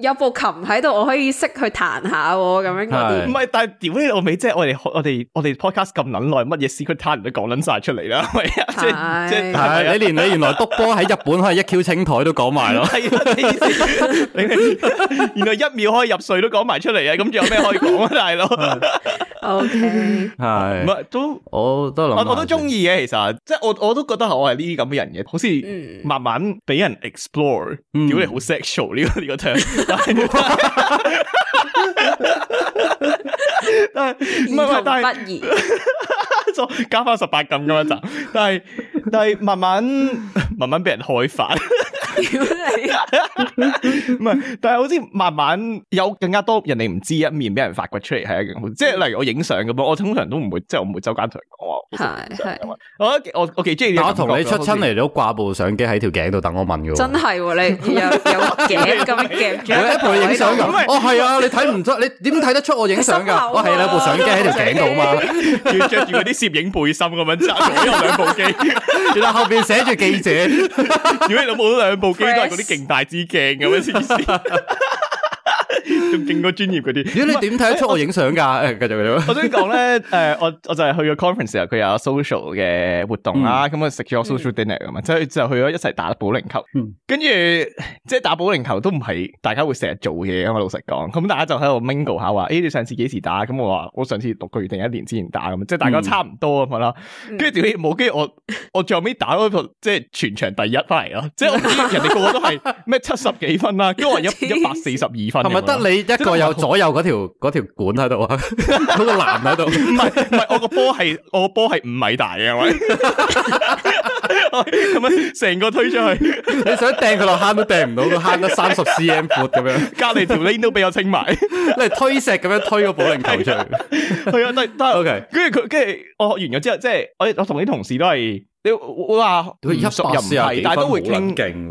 [SPEAKER 4] 有部琴喺度，我可以識去彈下咁樣嗰啲。唔
[SPEAKER 1] 係，但係屌你老味，即係我哋我哋我哋 podcast 咁捻耐，乜嘢 secret tune 都講捻晒出嚟啦，
[SPEAKER 2] 係咪啊？係
[SPEAKER 3] 係你連你原來督波喺日本可以一 Q 清台都講埋咯，係你你原
[SPEAKER 1] 來一秒可以入睡都講埋出嚟啊！咁仲有咩可以講啊，大佬
[SPEAKER 2] ？OK，
[SPEAKER 1] 係唔係都我都諗，我我都中意嘅，其實即係我我都覺得我係呢啲咁嘅人嘅，好似慢慢俾人 explore，屌你好 sexual 呢個呢個 tone。
[SPEAKER 2] 但係，自從畢業，
[SPEAKER 1] 再加翻十八禁咁嘅集，但係但係慢慢慢慢俾人開發。屌你啊！唔係，但係好似慢慢有更加多人哋唔知一面俾人發掘出嚟係一件，即係例如我影相咁樣，我通常都唔會，即係我唔會周街同人
[SPEAKER 4] 講話。係
[SPEAKER 3] 係，我我我幾中意。我同你出親嚟都掛部相機喺條頸度等我問噶。真
[SPEAKER 4] 係你有
[SPEAKER 2] 頸
[SPEAKER 1] 咁樣夾，一陪你影相咁。哦係啊，你
[SPEAKER 3] 睇唔出？你點睇得出我影相
[SPEAKER 2] 噶？我係啊，兩部相機喺條頸度嘛？要
[SPEAKER 1] 着住啲攝影背心咁樣揸，有兩部機，然後後邊寫住記者。如果你冇咗兩部。部機 Press. 都係嗰啲勁大支鏡咁樣先。仲勁過專業嗰啲，如你點睇得出我影相噶？繼續繼續。我想講咧，誒，我我就係去個 conference 時候，佢有 social 嘅活動啦，咁啊食咗 social dinner 啊嘛，即係就去咗一齊打保齡球。跟住即係打保齡球都唔係大家會成日做嘢噶嘛，老實講，咁大家就喺度 mingle 下話，誒，你上次幾時打？咁我話我上次六個月定一年之前打咁啊，即係大家差唔多咁啦。跟住自冇，跟住我我最後尾打咗即係全場第一翻嚟咯，即係我知人哋個個都係咩七十幾分啦，跟住我一一百四十二分。得你一個有左
[SPEAKER 3] 右嗰條嗰條管喺度
[SPEAKER 1] 啊，嗰個籃喺度。唔係唔係，我個波係我個波係五米大嘅，喂，咁樣成個推出去，你想掟佢落坑都掟唔到，個坑得三十 CM 闊咁樣。隔籬條 link 都俾我清埋，你係推石咁樣推個保齡球出去。係啊，都都 OK。跟住佢，跟住我學完咗之後，即係我我同啲同事都係。你我話一百四廿幾分好
[SPEAKER 3] 勁，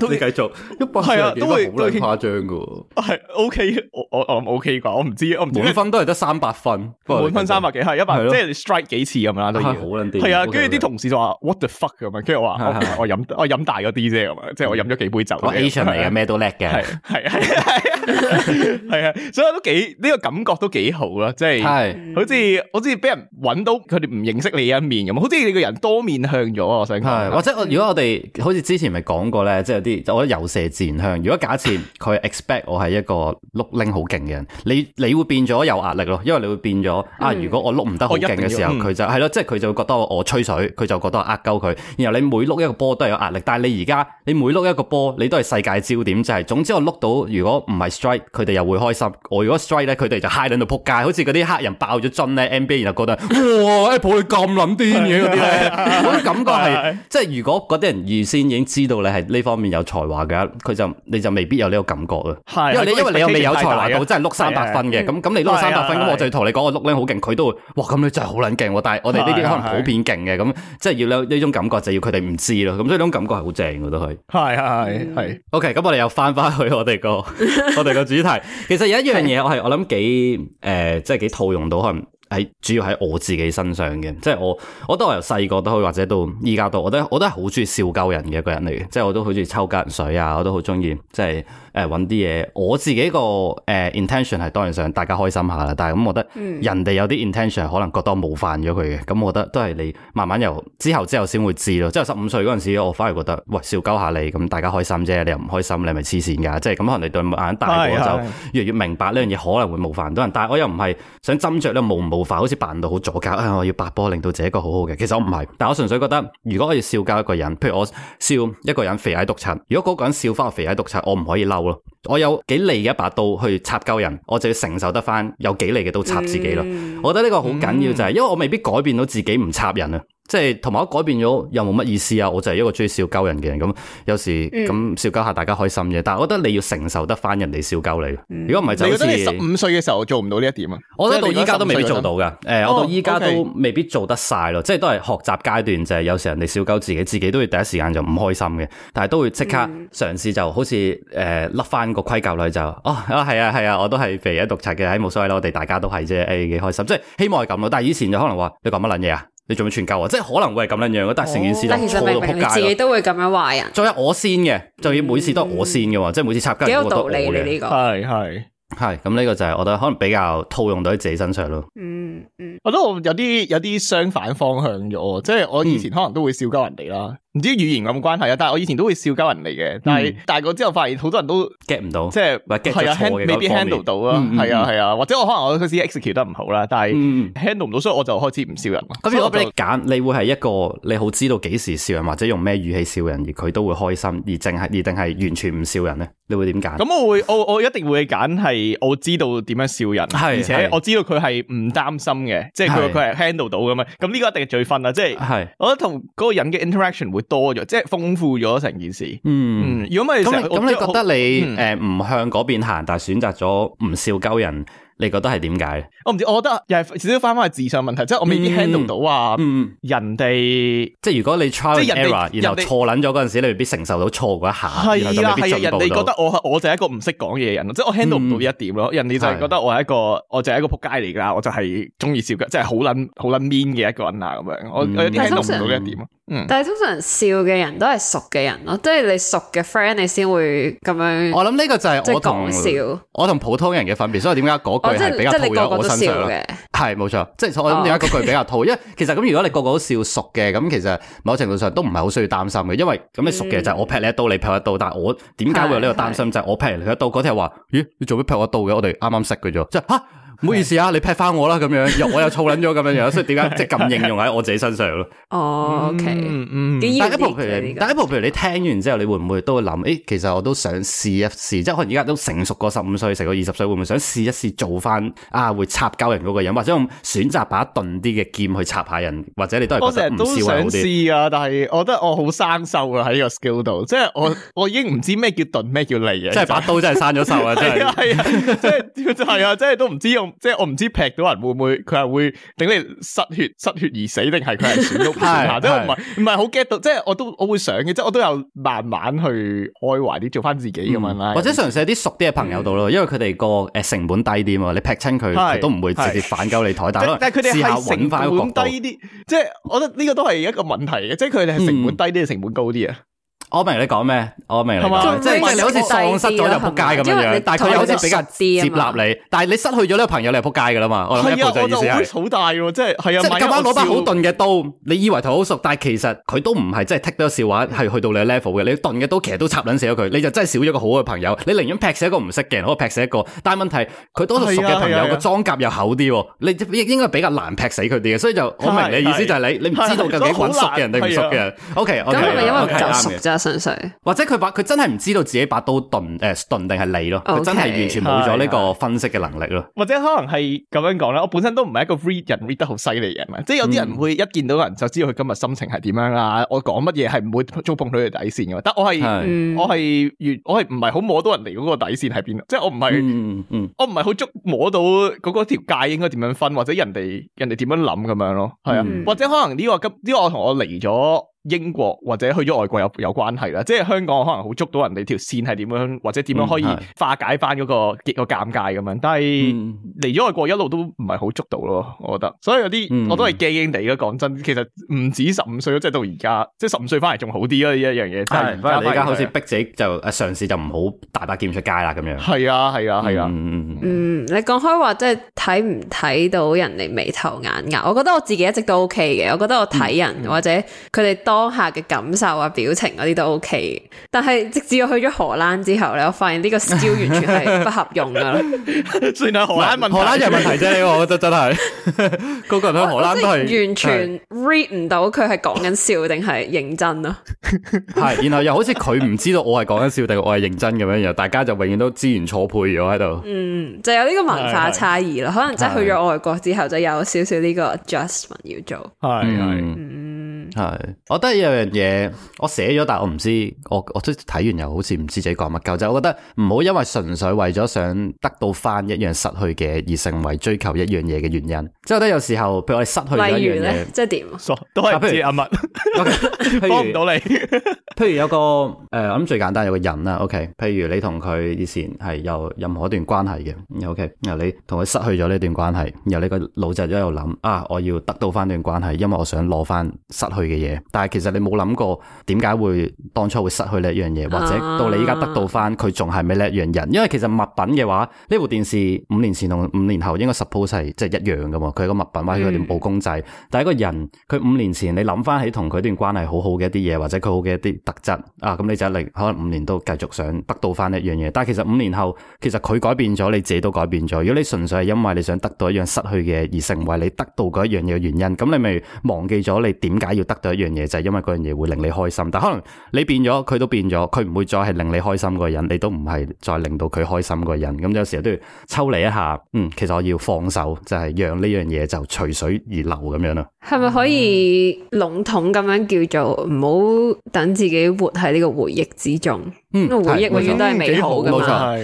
[SPEAKER 3] 都會
[SPEAKER 1] 繼續一百係啊，都會都好誇張噶，係 O K，我我我 O K 啩，我唔知啊。滿分都係得三百分，滿分三百幾係一百，即係你 strike 幾次咁啦，都好撚啲。係啊，跟住啲同事就話 What the fuck 咁啊，跟住我話我飲我飲大咗啲啫，咁啊，即係我飲咗幾杯酒。我 Asian 嚟嘅，咩都叻嘅，係係係啊，所以都幾呢個感覺都幾好啦，即係好似好似俾人揾到佢哋唔認識你一面咁，好似你個人多。變向咗，我想係或者我如
[SPEAKER 3] 果我哋好似之前咪講過咧，即係有啲我就我遊射戰向。如果假設佢 expect 我係一個碌拎好勁嘅人，你你會變咗有壓力咯，因為你會變咗啊。嗯、如果我碌唔得好勁嘅時候，佢、哦嗯、就係咯，即係佢就會覺得我吹水，佢就覺得我呃鳩佢。然後你每碌一個波都係有壓力，但係你而家你每碌一個波，你都係世界焦點。就係、是、總之我碌到，如果唔係 strike，佢哋又會開心。我如果 strike 咧，佢哋就 high 到仆街，好似嗰啲黑人爆咗樽咧，NBA 然後覺得哇 Apple 你咁撚癲嘅啲咧。欸我感覺係，即係如果嗰啲人預先已經知道你係呢方面有才華嘅，佢就你就未必有呢個感覺啊。係。因為你因為你又未有才華到，真係碌三百分嘅。咁咁你碌三百分，咁我就同你講我碌咧好勁，佢都會，哇！咁你真係好撚勁喎。但係我哋呢啲可能普遍勁嘅，咁即係要呢呢種感覺就要佢哋唔知咯。咁所以呢種感覺係好正嘅都係。
[SPEAKER 1] 係係係。
[SPEAKER 3] OK，咁我哋又翻返去我哋個我哋個主題。其實有一樣嘢我係我諗幾誒，即係幾套用到可能。係主要喺我自己身上嘅，即係我，我都我由細個都，可以，或者到依家都，我都我都係好中意笑鳩人嘅一個人嚟嘅，即係我都好中意抽鳩人水啊，我都好中意，即係。誒揾啲嘢，我自己個誒 intention 係當然想大家開心下啦，但係咁我覺得人哋有啲 intention 可能覺得我冒犯咗佢嘅，咁、嗯、我覺得都係你慢慢由之後之後先會知咯。即係十五歲嗰陣時，我反而覺得，喂笑鳩下你咁大家開心啫，你又唔開心，你係咪黐線㗎？即係咁，可能你對你眼大咗就越嚟越明白呢樣嘢可能會冒犯到人，但係我又唔係想斟酌咧冒唔冒犯，好似扮到好左膠、哎，我要拍波令到自己一個好好嘅。其實我唔係，但我純粹覺得如果我要笑鳩一個人，譬如我笑一個人肥矮毒柒，如果嗰個人笑翻個肥矮毒柒，我唔可以嬲。我有幾利嘅一把刀去插鳩人，我就要承受得翻有幾利嘅刀插自己咯。嗯，我覺得呢個好緊要就係、是，因為我未必改變到自己唔插人啊。即係同埋，我改變咗又冇乜意思啊！我就係一個中意笑鳩人嘅人咁，有時咁、嗯、笑鳩下大家開心嘅。但係我覺得你要承受得翻人哋笑鳩你。如果唔係，就好、是、似你十五歲嘅時候做唔到呢一點啊！我覺得到依家都未必做到㗎。誒、欸，我到依家都未必做得晒咯，哦哦 okay、即係都係學習階段就係有時人哋笑鳩自己，自己都會第一時間就唔開心嘅，但係都會即刻嘗試就好似誒甩翻個盔甲落就哦啊，係啊係啊，啊，啊，我都係肥如一讀冊嘅，唉冇所謂啦，我哋大家都係啫，誒、哎、幾開心，即係希望係咁咯。但係以前就可能話你講乜撚嘢啊？你仲要傳教啊？即係可能會係咁樣樣，但係成件事都套到扑街自己
[SPEAKER 4] 都會咁樣話啊，
[SPEAKER 3] 仲有我先嘅，就要每次都係我先嘅嘛，嗯、即係每次插鳩人有道理，度呢嘅。係係係，咁呢個就係我覺得可能比較套用到喺自己身上咯、嗯。嗯嗯，我覺得我有
[SPEAKER 1] 啲有啲相反方向咗，即係我以前可能都會笑鳩人哋啦。嗯唔知語言咁關係啊！但係我以前都會笑鳩人嚟嘅，但係大個之後發現好多人都 get 唔到，即係唔係 get 唔到錯嘅一方面。係啊係啊，或者我可能我嗰次 execute 得唔好啦，但係 handle 唔到，所以我就開始唔笑人。咁如果俾你
[SPEAKER 3] 揀，你會係一個你好知道幾時笑人，或者用咩語氣笑人而佢都會開心，而淨係而定係完全唔笑人咧？你會點揀？咁
[SPEAKER 1] 我會我我一定會揀係我知道點樣笑人，而且我知道佢係唔擔心嘅，即係佢佢係 handle 到噉樣。咁呢個一定係最分啦，即係我覺得
[SPEAKER 3] 同嗰個人嘅 interaction 會。多咗，即係豐富咗成件事。
[SPEAKER 2] 嗯，如果咪咁咁，你覺得你誒
[SPEAKER 3] 唔向嗰邊行，但係選擇咗唔笑鳩人，你覺得係點解？
[SPEAKER 1] 我唔知，我覺得又係至少翻翻去智商問題，即係我未必 handle 到
[SPEAKER 3] 啊。人哋
[SPEAKER 1] 即係如果你 trial and error，然後錯捻咗嗰陣時，你未必承受到錯嗰一下，係啊，人哋覺得我我就係一個唔識講嘢嘅人，即係我 handle 唔到一點咯。人哋就係覺得我係一個我就係一個仆街嚟噶，我就係中意笑鳩，即係好捻好捻 mean 嘅一個人啊咁樣。我我有啲 handle 唔到一
[SPEAKER 4] 點。
[SPEAKER 3] 嗯，
[SPEAKER 4] 但係通常笑嘅人都係熟嘅人咯，即係你熟嘅 friend 你先會咁樣。我諗呢個就係我講笑，
[SPEAKER 3] 我同普通人嘅分別。所以點解嗰句係比較套喺我身上咧？係冇錯，即係我諗點解嗰句比較套，哦、因為其實咁如果你個個都笑熟嘅咁，其實某程度上都唔係好需要擔心嘅，因為咁你熟嘅就係我劈你一刀，你劈我一刀。但係我點解會有呢個擔心？嗯、就係我劈你一刀，嗰啲又話咦，你做咩劈我一刀嘅？我哋啱啱識嘅啫，即係吓。啊唔好意思啊，你劈翻我啦，咁樣又我又躁撚咗，咁樣樣，所以點解即係咁應用喺我自己身上咯？
[SPEAKER 2] 哦，OK，嗯嗯。第、嗯、一步，譬如、這個，
[SPEAKER 3] 第一步譬如你、嗯、聽完之後，你會唔會都會諗？誒，其實我都想試一試，即係可能而家都成熟過十五歲，成個二十歲，會唔會想試一試做翻啊？會插鳩人嗰個人，或者用選擇把鈍啲嘅劍去插下人，或者你都係覺得唔都想試
[SPEAKER 1] 啊點，但係我覺得我好生鏽啦喺呢個 skill 度，即係我 我已經唔知咩叫鈍，咩叫利嘅、啊，即係是把 刀真係生咗鏽啦，真係，啊，係啊，即係都唔知用。即係我唔知劈到人會唔會，佢係會令你失血失血而死，定係佢係斷足斷下，即係唔係唔係好 get 到？即係我都我會想嘅，即係我都有慢慢去開懷啲，做翻自己咁樣啦。嗯、有點或者嘗
[SPEAKER 3] 試喺啲熟啲嘅朋友度咯，嗯、因為佢哋個誒成本低啲嘛，你劈親佢，佢、嗯、都唔會直接反鳩你台，但係但係佢哋係成本低
[SPEAKER 1] 啲，即係 我覺得呢個都係一個問
[SPEAKER 3] 題嘅，即係佢哋係成本低啲定成本高啲啊？嗯我明你講咩，我明你即係你好似喪失咗就扑街咁樣樣，但佢又好似比較接納你，但係你失去咗呢個朋友你就扑街噶啦嘛。佢又我諗好大喎，即係係
[SPEAKER 1] 啊，即係咁啱攞把好
[SPEAKER 3] 鈍嘅刀，你以為佢好熟，但係其實佢都唔係即係 t a 笑話，係去到你 level 嘅。你鈍嘅刀其實都插撚死咗佢，你就真係少咗個好嘅朋友。你寧願劈死一個唔識嘅人，好過劈死一個。但係問題佢多數熟嘅朋友，個裝甲又厚啲，你應應該比較難劈死佢啲嘅，所以就我明你意思就係你你唔知道究竟揾熟嘅人定唔熟嘅人。O K，我明咁係因為就熟或者佢把佢真係唔知道自己把刀鈍誒鈍定係利咯？佢 Okay, 真係完全冇咗呢個分析嘅能力咯。
[SPEAKER 1] 或者可能係咁樣講啦，我本身都唔係一個 read 人，read 得好犀利嘅人，即係有啲人會一見到人就知道佢今日心情係點樣啦、啊。我講乜嘢係唔會觸碰到佢底線嘅，但我係的我係越我係唔係好摸到人哋嗰個底線喺邊？即係我唔係、嗯嗯、我唔係好捉摸到嗰個條界應該點樣分，或者人哋人哋點樣諗咁樣咯？係啊，嗯、或者可能呢、這個今呢、這個我同我離咗。英國或者去咗外國有有關係啦，即係香港可能好捉到人哋條線係點樣，或者點樣可以化解翻嗰個個尷尬咁樣。但係嚟咗外國一路都唔係好捉到咯，我覺得。所以有啲我都係驚驚地嘅，講真，其實唔止十五歲咯，
[SPEAKER 3] 即係到而家，即係十五歲翻嚟仲好啲咯，呢一樣嘢。
[SPEAKER 1] 係，不過你而家好似
[SPEAKER 3] 逼自己就嘗試就唔好大把劍出街啦，咁樣。係啊，係啊，係啊。啊啊啊
[SPEAKER 2] 嗯，
[SPEAKER 4] 你講開話即係睇唔睇到人哋眉頭眼額？我覺得我自己一直都 O K 嘅，我覺得我睇人、嗯嗯、或者佢哋。當下嘅感受啊、表情嗰啲都 OK，但係直至我去咗荷蘭之後咧，我發現呢個笑完全係不合用噶啦。
[SPEAKER 1] 算啦，荷蘭問 荷蘭有問題啫， 我
[SPEAKER 3] 覺得真係個 個人喺
[SPEAKER 1] 荷蘭都係完全
[SPEAKER 4] read 唔到佢係講緊笑定係認真啊。
[SPEAKER 3] 係， 然後又好似佢唔知道我係講緊笑定我係認真咁樣樣，然後大家就永遠都資源錯配咗喺度。嗯，
[SPEAKER 4] 就有呢個文化差異啦，是是是可能真係去咗外國之後就有少少呢個 adjustment 要做。係
[SPEAKER 3] 係。係，我覺得有樣嘢，我寫咗，但係我唔知，我我即睇完又好似唔知自己講乜鳩，就係、我覺得唔好因為純粹為咗想得到翻一樣失去嘅，而成為追求一樣嘢嘅原因。即係我覺得有時候，譬如我哋失去一樣嘢，即
[SPEAKER 4] 係點，都係不如阿麥，
[SPEAKER 3] 幫唔到你。譬 如有個誒，咁、呃、最簡單有個人啦，OK，譬如你同佢以前係有任何一段關係嘅，OK，然後你同佢失去咗呢段關係，然後你個腦就喺度諗，啊，我要得到翻段關係，因為我想攞翻失去。去嘅嘢，但係其實你冇諗過點解會當初會失去呢一樣嘢，或者到你依家得到翻佢仲係咪呢一樣人？因為其實物品嘅話，呢部電視五年前同五年後應該 suppose 係即係一樣噶嘛，佢係個物品，或者佢段布公仔。但係一個人，佢五年前你諗翻起同佢段關係好好嘅一啲嘢，或者佢好嘅一啲特質啊，咁你就嚟可能五年都繼續想得到翻呢一樣嘢。但係其實五年後，其實佢改變咗，你自己都改變咗。如果你純粹係因為你想得到一樣失去嘅而成為你得到嗰一樣嘢嘅原因，咁你咪忘記咗你點解要？得到一樣嘢就係、是、因為嗰樣嘢會令你開心，但可能你變咗，佢都變咗，佢唔會再係令你開心嗰個人，你都唔係再令到佢開心嗰個人。咁有時候都要抽離一下，嗯，其實我要放手，就係、是、讓呢樣嘢就隨水而流咁樣啦。
[SPEAKER 4] 係咪可以籠統咁樣叫做唔好等自己活喺呢個回憶之中？嗯、回憶永遠錯都係美好嘅。冇、嗯、
[SPEAKER 2] 錯，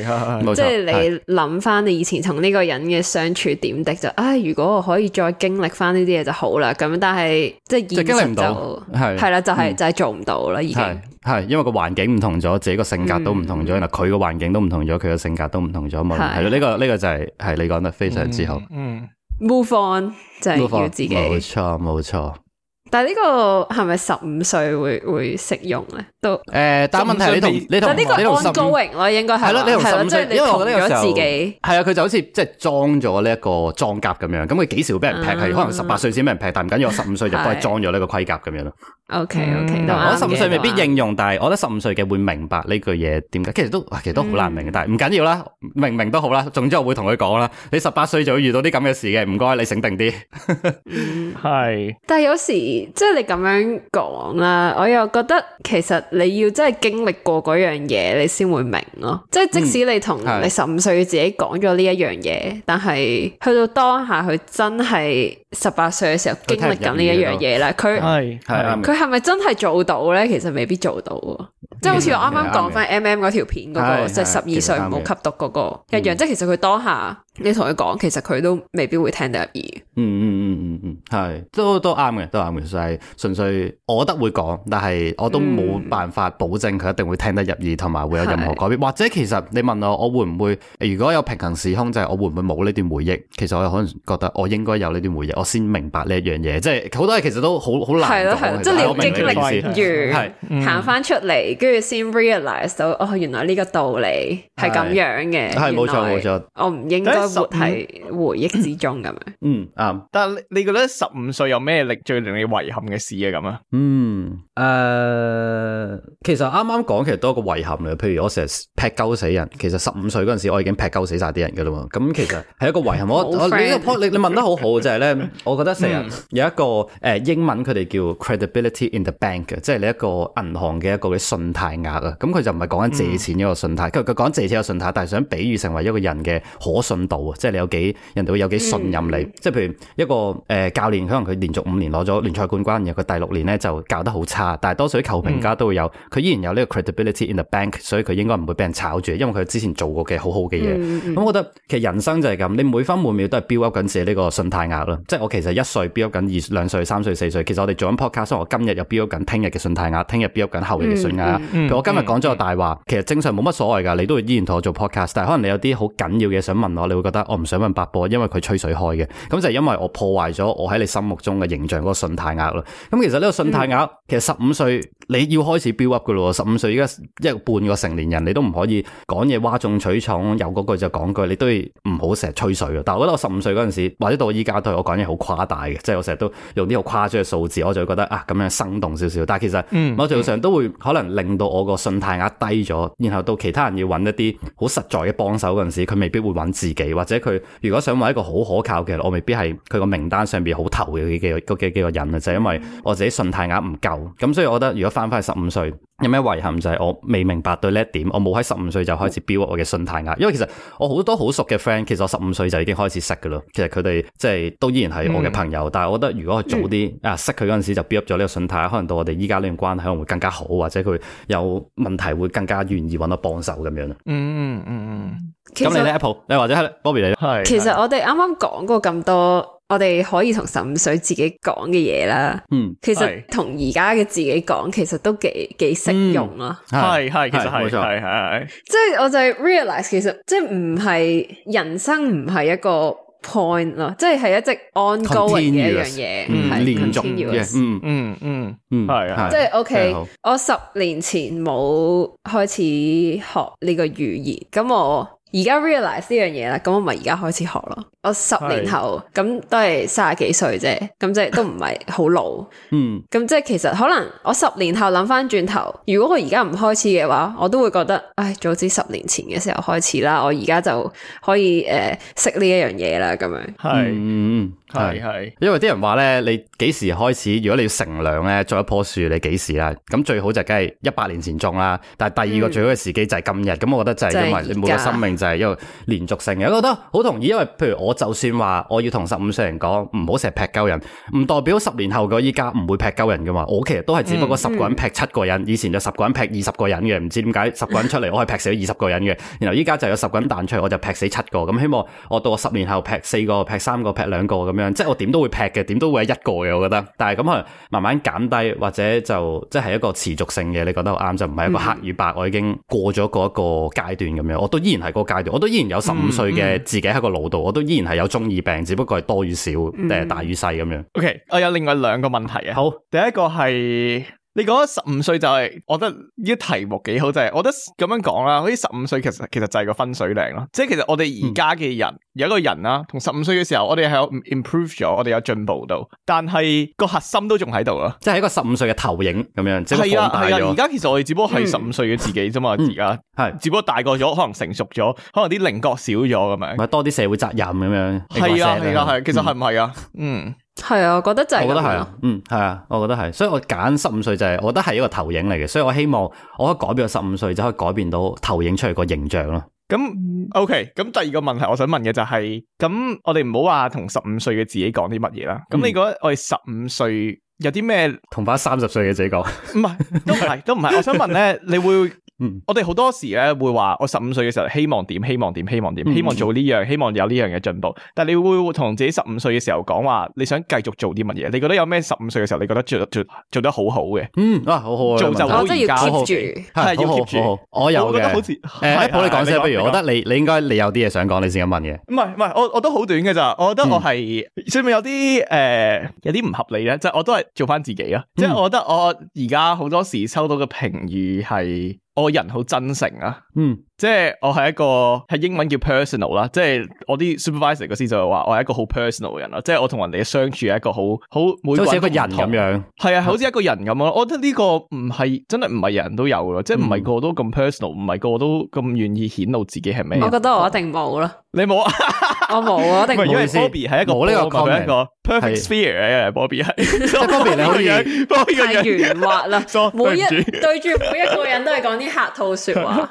[SPEAKER 2] 即係錯錯你
[SPEAKER 4] 諗翻你以前同呢個人嘅相處點滴，就、哎呦，唉，如果我可以再經歷翻呢啲嘢就好啦。咁但係即係現實。就係係啦，就係、是、就係、是、做唔到啦，而、嗯、經係，
[SPEAKER 3] 係因為個環境唔同咗，自己個性格都唔同咗。嗱、嗯，佢個環境都唔同咗，佢個性格都唔同咗。冇係咯，呢的、這個呢、這個就係、是、係你講得非常之好。
[SPEAKER 4] 嗯，嗯，Move on 就係要自己。冇
[SPEAKER 3] 錯，冇錯。
[SPEAKER 4] 但係呢個係咪十五歲會會適用咧？都誒，但係問題你同你同呢個安高榮我應該係你同即係你套咗自己。係啊，佢就好似即係裝咗呢一個裝
[SPEAKER 3] 甲咁樣。咁佢幾時會俾人劈？係可能十八歲先俾人劈，但唔緊要，我十五歲就幫佢裝咗呢個盔甲咁樣咯。
[SPEAKER 4] OK OK，我十五歲未必應
[SPEAKER 3] 用，但係我覺得十五歲嘅會明白呢句嘢點解。其實都其實都好難明，但係唔緊要啦，明唔明都好啦。總之我會同佢講啦，你十八歲就會遇到啲咁嘅事嘅，唔該你醒定啲。係，
[SPEAKER 4] 但係有時。即係你咁樣講啦，我又覺得其實你要真係經歷過嗰樣嘢，你先會明咯。啊，即係即使你同你十五歲嘅自己講咗呢一樣嘢，嗯、但係去到當下佢真係十八歲嘅時候經歷緊呢一樣嘢啦。佢係佢係咪真係做到咧？其實未必做到，即係好似我啱啱講翻 M M 嗰條片嗰，那個，即係十二歲唔好吸毒嗰個，那個，一樣。即係其實佢當下。嗯你同佢講，其實佢都未必會聽得入耳。嗯嗯嗯嗯嗯，
[SPEAKER 3] 係都都啱嘅，都啱嘅，就係純粹我覺得會講，但係我都冇辦法保證佢一定會聽得入耳，同埋會有任何改變。或者其實你問我，我會唔會如果有平行時空，就係我會唔會冇呢段回憶？其實我可能覺得我應該有呢段回憶，我先明白呢一樣嘢。即係好多嘢其實都好好難。係咯係，即係你經歷完，係行
[SPEAKER 4] 翻出嚟，跟住先 realise 到哦，原來呢個道理係咁樣嘅。係冇錯冇錯，我唔應該。15? 活喺回憶之中咁
[SPEAKER 1] 樣，嗯啊，但係你你覺得十五歲有咩力最令你遺憾嘅事啊？咁啊、嗯，嗯誒，嗯
[SPEAKER 3] 其實啱啱講，其實都有一個遺憾嚟，譬如我成日劈鳩死人，其實十五歲嗰陣時我已經劈鳩死晒啲人噶啦，咁其實係一個遺憾。 善我 你呢個你問得好好就係咧，我覺得成日有一個誒英文佢哋叫 credibility in the bank，即係你一個銀行嘅一個嘅信貸額啊，咁佢就唔係講緊借錢一個信貸，佢佢講借錢嘅信貸，但係想比喻成為一個人嘅可信即係你有幾人哋會有幾信任你？即係譬如一個誒、呃、教練，可能佢連續五年攞咗聯賽冠軍，然後佢第六年咧就教得好差。但係多數啲球評家都會有，佢依然有呢個 credibility in the bank，所以佢應該唔會俾人炒住，因為佢之前做過嘅好好嘅嘢。咁、mm hmm. 嗯、我覺得其實人生就係咁，你每分每秒都係 build up 緊自己呢個信貸額咯。即係我其實一歲 build up 緊，二兩歲三歲四歲，其實我哋做緊 podcast，我今日又 build up 緊，聽日嘅信貸額，聽日 build up 緊後日嘅信貸額。Mm hmm. 譬如我今日講咗個大話，mm hmm. 其實正常冇乜所謂噶，你都會依然同我做 podcast。但係可能你有啲好緊要嘅想問我，你覺得我唔想問 8Ball，因為佢吹水開嘅，咁就係因為我破壞咗我喺你心目中嘅形象嗰個信貸額咯。咁、嗯、其實呢個信貸額，其實十五歲你要開始 build up 嘅咯。十五歲依家一個半個成年人，你都唔可以講嘢譁眾取寵，有句就講句，你都唔好成日吹水。但係我覺得我十五歲嗰陣時，或者到我依家都係我講嘢好誇大嘅，即、就、係、是、我成日都用呢好誇張嘅數字，我就覺得啊咁樣生動少少。但係其實某程度上都會可能令到我個信貸額低咗，然後到其他人要揾一啲好實在嘅幫手嗰陣時，佢未必會揾自己。或者佢如果想揾一個好可靠嘅，我未必係佢個名單上邊好頭嘅幾個嘅個人啊，就係因為我自己信貸額唔夠，咁所以我覺得如果翻翻去十五歲。有咩遺憾就係、是、我未明白對呢一點，我冇喺十五歲就開始 build up 我嘅信貸額，因為其實我好多好熟嘅 friend，其實我十五歲就已經開始識噶啦，其實佢哋即係都依然係我嘅朋友，嗯、但係我覺得如果佢早啲、嗯、啊識佢嗰陣時就 build 咗呢個信貸，可能到我哋依家呢段關係會更加好，或者佢有問題會更加願意揾到幫手咁樣。嗯嗯嗯嗯，咁、嗯、你咧 Apple，你或者係 Bobby 你咧，係。其實我
[SPEAKER 4] 哋啱啱講過咁多。我哋可以同十五歲自己講嘅嘢啦，嗯，
[SPEAKER 1] 其實
[SPEAKER 4] 同而家嘅自己講，其實都幾幾適用咯。
[SPEAKER 1] 係係，其實係係係係，
[SPEAKER 4] 即係我就 realize 其實即係唔係人生唔係一個 point 咯，即係係一直 ongoing 嘅一樣嘢，係重要嘅，
[SPEAKER 2] 嗯嗯嗯嗯，係啊，即係 OK，
[SPEAKER 4] 我十年前冇開始學呢個語言，咁我。而家 r e a l i z e 呢樣嘢啦，咁我咪而家開始學咯。我十年後咁是都係十幾歲啫，咁即係都唔係好老。嗯，咁即係其實可能我十年後諗翻轉頭，如果我而家唔開始嘅話，我都會覺得，唉，早知十年前嘅時候開始啦，我而家就可以誒識呢一樣嘢啦，咁、呃、樣。
[SPEAKER 2] 係是，嗯。
[SPEAKER 3] 係係，是是因為啲人話咧，你幾時開始？如果你要乘涼咧，種一棵樹，你幾時啦？咁最好就梗係一百年前種啦。但係第二個最好嘅時機就係今日。咁、嗯、我覺得就係因為你每個生命就係一個連續性嘅。我覺得好同意，因為譬如我就算話我要同十五歲人講唔好成日劈鳩人，唔代表十年後嘅依家唔會劈鳩人噶嘛。我其實都係只不過十個人劈七個人，嗯、以前就十個人劈二十個人嘅，唔知點解十個人出嚟我係劈死二十個人嘅。然後依家就有十個人彈出嚟，我就劈死七個。咁希望我到我十年後劈四個，劈三個，劈兩個咁樣。即係我點都會劈嘅，點都會係一個嘅，我覺得。但係咁可能，慢慢減低或者就即係、就是、一個持續性嘅，你覺得啱就唔係一個黑與白。我已經過咗個一個階段咁樣，嗯、我都依然係個階段，我都依然有十五歲嘅自己喺個腦度，嗯、我都依然係有中二病，只不過係多與少，誒大與細咁樣。
[SPEAKER 1] OK，我有另外兩個問題嘅。好，第一個係。你講十五歲就係、是，我覺得呢啲題目幾好，就係、是、我覺得咁樣講啦，好似十五歲其實其實就係個分水嶺咯。即係其實我哋而家嘅人，嗯、有一個人啦，同十五歲嘅時候，我哋係有 improve 咗，我哋有進步到，但係個核心都仲喺度咯。即係一個十五歲嘅投影咁樣，即係放大咗。係啊係啊，而家、啊、其實我哋只不過係十五歲嘅自己啫嘛，而家係只不過大個咗，可能成熟咗，可能啲稜角少咗咁樣，
[SPEAKER 3] 多啲社會責任咁樣。
[SPEAKER 1] 係啊係啊係、
[SPEAKER 3] 啊，其實係唔係啊？嗯。嗯
[SPEAKER 4] 係啊，我覺得就係咯、啊，嗯，
[SPEAKER 3] 係啊，我覺得係，所以我揀十五歲就係、是，我覺得係一個投影嚟嘅，所以我希望我一改變到十五歲就可以改變到投影出嚟個形象咯。
[SPEAKER 1] 咁 OK，咁第二個問題我想問嘅就係、是，咁我哋唔好話同十五歲嘅自己講啲乜嘢啦。咁、嗯、你覺得我哋十五歲有啲咩？同返三十歲嘅自己講？唔係，都唔係，都唔係。 我想問咧，你會？嗯，我哋好多時咧會話，我十五歲嘅時候希望點？希望點？希望點？希望做呢樣？希望有呢樣嘅進步。但係你會同自己十五歲嘅時候講話，你想繼續做啲乜嘢？你覺得有咩十五歲嘅時候你覺得做得好好嘅？
[SPEAKER 3] 嗯啊，好好做就好，而家好，係要住，我有我覺得好似誒，我哋講先，不如我覺得你你應該你有啲嘢想講，你先咁問嘅。
[SPEAKER 1] 唔係唔係，我我都好短嘅咋？我覺得我係上面有啲誒，有啲唔合理咧，即係我都係做翻自己啊。即係我覺得我而家好多時收到嘅評語係。我人好真誠啊。嗯。即係我係一個係英文叫 personal 啦，即係我啲 supervisor 嗰時就係話我係一個好 personal 嘅人咯，即係我同人哋相處係一個好好每一人都係一個人咁樣，係啊，好似一個人咁咯。我覺得呢個唔係真係唔係人都有嘅，即係唔係個個都咁 personal，唔係個個都咁願意顯露自己係咩。我覺
[SPEAKER 4] 得我一定冇咯，你冇啊？我冇，我一定冇。因為 Bobby
[SPEAKER 1] 係一個冇呢個概念，perfect sphere 嘅 Bobby 係。Bobby 你可以係圓滑啦，每一對
[SPEAKER 4] 住每一個人都係講啲客套說話，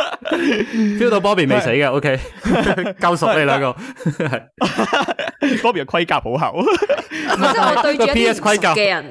[SPEAKER 1] feel 到 Bobby 未死嘅，OK，夠熟你兩個，Bobby 嘅盔甲好厚，
[SPEAKER 4] 即係我對住一啲盔甲嘅人，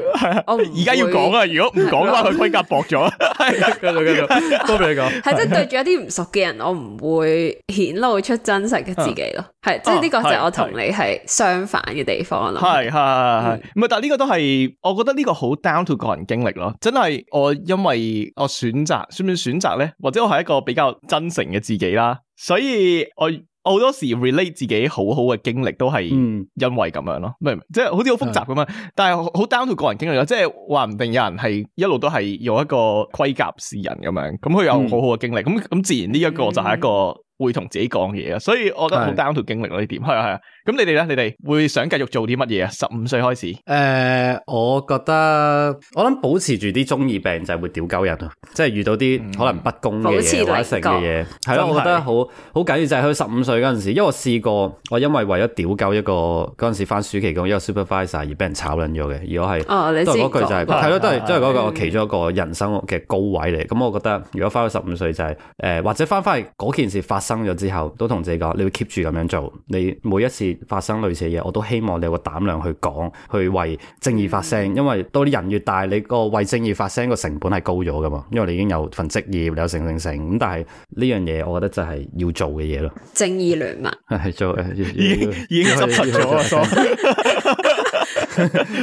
[SPEAKER 4] 我而家要講啊，如果唔講嘅話，佢盔
[SPEAKER 1] 甲薄咗。係，繼續繼續，Bobby 講，係即係對
[SPEAKER 4] 住一啲唔熟嘅人，我唔會顯露出真實嘅自己咯。係，即係呢個就係我同你係相反嘅地方咯。係，
[SPEAKER 1] 係，係，係，係，但係呢個都係，我覺得呢個好 down to 個人經歷咯。真係我因為我選擇，算唔算選擇咧？或者我係一個比較。真誠嘅自己啦，所以我好多時 relate 自己好好嘅經歷都係因為咁樣咯，唔、嗯、即係好似好複雜咁啊！是的 但係好 down to 個人經歷咯，即係話唔定有人係一路都係用一個盔甲示人咁樣，咁佢有好好嘅經歷，咁咁、嗯、自然呢一個就係一個。嗯會同自己講嘢啊，所以我覺得好 down 我條經歷呢啲，係啊係啊。咁你哋咧，你哋會想繼續做啲乜嘢啊？十五歲開始，
[SPEAKER 3] 誒，我覺得我諗保持住啲中二病就係會屌鳩人啊，即係遇到啲可能不公嘅嘢、唔話成嘅嘢，係咯。我覺得好好緊要就係喺十五歲嗰陣時，因為我試過我因為為咗屌鳩一個嗰陣時返暑期工一個 supervisor 而俾人炒撚咗嘅，如果係哦，你都係嗰句就係，係咯都係都係嗰個其中一個人生嘅高位嚟。咁我覺得如果返到十五歲就係誒或者返返係嗰件事發生。生咗之後，都同自己講，你要 keep 住咁樣做。你每一次發生類似嘅嘢，我都希望你有個膽量去講，去為正義發聲。嗯、因為當啲人越大，你個為正義發聲個成本係高咗噶嘛。因為你已經有份職業，你有成成成咁，但係呢樣嘢，我覺得就係要做嘅嘢咯。
[SPEAKER 4] 正義聯盟
[SPEAKER 3] 係做，已
[SPEAKER 1] 經執行咗啊！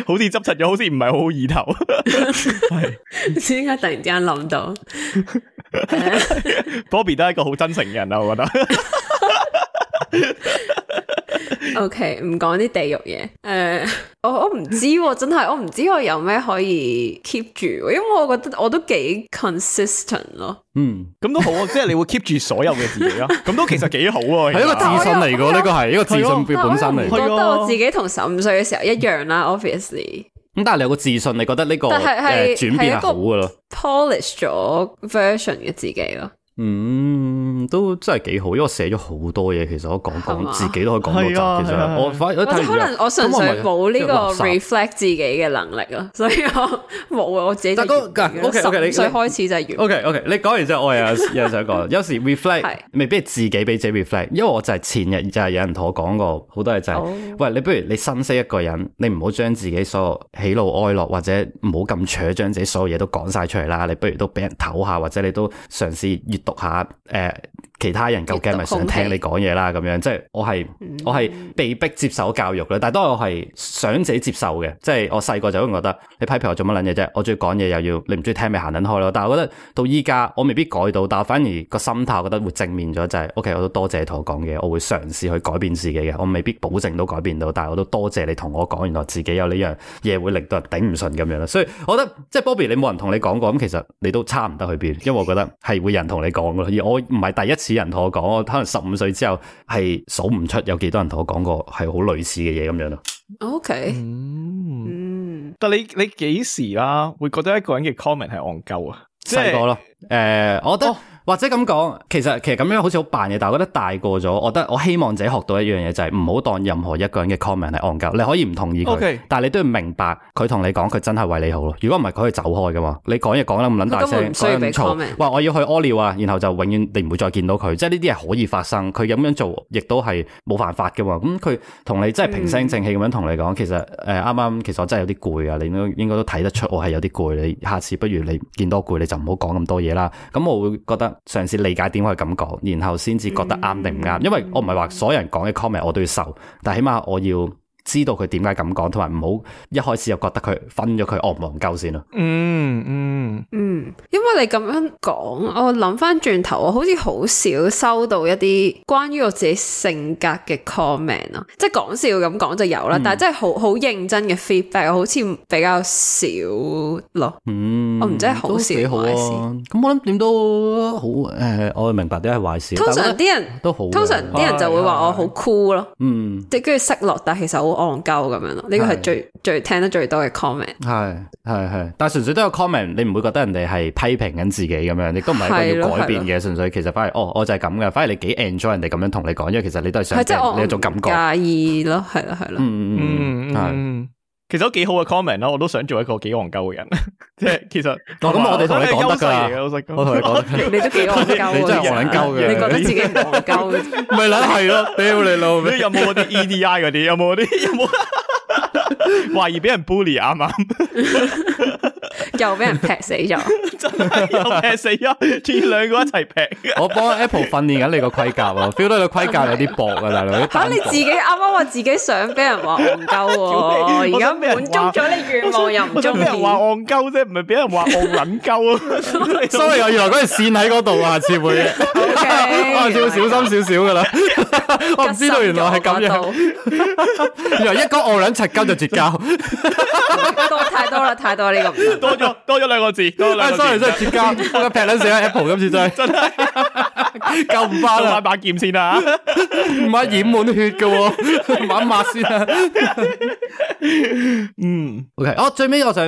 [SPEAKER 1] 好似執柒咗，好似唔係好好意頭。
[SPEAKER 4] 點解突然之間諗到
[SPEAKER 1] ？Bobby 都係一個好真誠嘅人啊，我覺得。
[SPEAKER 4] OK，唔講啲地獄嘢。誒、呃，我我唔知、喔，真係我唔知我有咩可以 keep 住，因為我覺得我都幾 consistent 咯、喔。嗯，
[SPEAKER 1] 咁都好啊， 即係你會 keep 住所有嘅自己啊，咁都其實幾好啊，係 一個
[SPEAKER 3] 自信嚟噶呢個係一個自信表有本身
[SPEAKER 1] 嚟。我覺得我
[SPEAKER 4] 自己同十五歲嘅時候一樣啦、啊、，Obviously。
[SPEAKER 3] 咁但係你有個自信，你覺得呢、這個？但係係轉變好噶咯
[SPEAKER 4] ，polish 咗 version 嘅自己咯。
[SPEAKER 3] 嗯，都真係幾好，因為我寫咗好多嘢，其實我講講吧自己都可以講到集。啊、其實、啊、我反我，我可能我純粹冇呢個 reflect
[SPEAKER 4] 自己嘅能力啊，所以我冇啊，我自己。但係嗰個十五歲開始
[SPEAKER 2] 就
[SPEAKER 3] 係完。O K O K，你講完，okay, okay, 完之後我又又想講，有時 reflect 未必係自己俾自己 reflect，因為我就係前日就係有人同我講過好多嘢、就是，就係、oh. 喂，你不如你新識一個人，你唔好將自己所有喜怒哀樂或者唔好咁扯，將自己所有嘢都講晒出嚟啦。你不如都俾人唞下，或者你都嘗試讀下誒。其他人究竟係咪想聽你講嘢啦？咁樣即係我係我係被逼接受教育嘅，但當我係想自己接受嘅。即係我細個就會覺得你批評我做乜撚嘢啫，我中意講嘢又要你唔中意聽咪行撚開咯。但係我覺得到依家我未必改到，但係反而個心態我覺得會正面咗就係，OK，我都多謝同我講嘢，我會嘗試去改變自己嘅，我未必保證都改變到，但係我都多謝你同我講，原來自己有呢樣嘢會令到人頂唔順咁樣咯。所以我覺得即係 Bobby，你冇人同你講過咁，其實你都差唔得去邊，因為我覺得係會有人同你講嘅，而我唔係第一次。此人同我講，可能十五歲之後係數唔出有幾多人同我講過係好類似嘅嘢咁樣咯。
[SPEAKER 4] OK，嗯，
[SPEAKER 3] 但係你你幾時啊？會覺得一個人嘅 comment 係戇鳩啊？細個咯，誒、呃，我覺得。我哦或者咁講，其實其實咁樣好似好扮嘢，但係我覺得大過咗，我覺得我希望自己學到一樣嘢，就係唔好當任何一個人嘅 comment 係戇鳩，你可以唔同意佢，Okay. 但係你都要明白佢同你講佢真係為你好咯。如果唔係，佢可以走開嘅嘛。你講嘢講得唔撚大聲，所以你話。哇，我要去屙尿啊，然後就永遠你唔會再見到佢，即係呢啲係可以發生。佢咁樣做亦都係冇辦法嘅嘛、啊。咁佢同你真係平聲正氣咁樣同你講，嗯、其實誒啱啱其實我真係有啲攰啊，你應該，應該都睇得出我係有啲攰。你下次不如你見多攰你就唔好講咁多嘢啦。咁我會覺得。嘗試理解點可以咁講，然後先至覺得啱定唔啱。因為我唔係話所有人講嘅 comment 我都要受，但起碼我要。知道佢點解咁講，同埋唔好一開始就覺得佢分咗佢惡唔惡鳩先咯、嗯。嗯
[SPEAKER 2] 嗯嗯，因為你
[SPEAKER 4] 咁樣講，我諗翻轉頭，我好似好少收到一啲關於我自己性格嘅 comment 咯，即係講笑咁講就有啦，嗯、但係真係好好認真嘅 feedback，好似比較少咯、嗯。嗯，我唔知好少。都幾好
[SPEAKER 3] 啊。咁我諗點都好誒、呃，我明白啲係壞事。通常啲人，人都好，通常啲人，人就會話我
[SPEAKER 4] 好 cool 咯。嗯，即係跟住失落，但其實我。戇鳩咁樣咯，呢個係最是最聽得最多嘅 comment。
[SPEAKER 3] 係係係，但係純粹都有 comment，你唔會覺得人哋係批評緊自己咁樣，亦都唔係要改變嘅。純粹其實反而，哦，我就係咁嘅，反而你幾 enjoy 人哋咁樣同你講，因為其實你都係
[SPEAKER 1] 想你有一種感覺。
[SPEAKER 4] 介意咯，係咯，係咯，嗯嗯
[SPEAKER 3] 嗯嗯。
[SPEAKER 1] 其實都幾好嘅 comment 啦，我都想做一個幾憨鳩嘅人，即 係其實咁我哋同你講得噶，我同你講，你都幾憨鳩， 你，憨鳩 你真係憨鳩嘅， 你覺得自己唔憨鳩嘅，咪啦係咯，屌你老味，有冇啲 EDI 嗰啲，有冇啲有冇懷疑俾人 bully 啱啱？
[SPEAKER 4] 又俾人劈死咗，
[SPEAKER 3] 真係劈死咗！天，兩個一齊劈 我幫。我幫 Apple 訓練緊你個盔甲啊，Feel 到你個盔甲有啲薄，薄啊，大佬。反
[SPEAKER 1] 你自
[SPEAKER 4] 己啱啱話自己想俾人話戇鳩， 人而家滿
[SPEAKER 2] 足咗你願望又唔中意。俾
[SPEAKER 1] 人話戇鳩啫，唔係俾人話戇撚鳩啊！sorry，所以我原來嗰條
[SPEAKER 3] 線喺嗰度，下次會，
[SPEAKER 2] 我 Okay, 要
[SPEAKER 3] 小心少少噶啦。深 我唔知道原來係咁樣， 原來一講戇撚柒鳩就絕交。
[SPEAKER 4] 多太多啦，太多呢、這個
[SPEAKER 1] 多咗多咗兩個字，多兩個字哎，sorry，真係折交，
[SPEAKER 3] 我劈撚咗 Apple 今次真，真係
[SPEAKER 4] 救唔翻，買把
[SPEAKER 1] 劍先啦，
[SPEAKER 3] 唔係掩滿血噶，抹一抹先啊， 嗯，OK，我、哦、最尾我想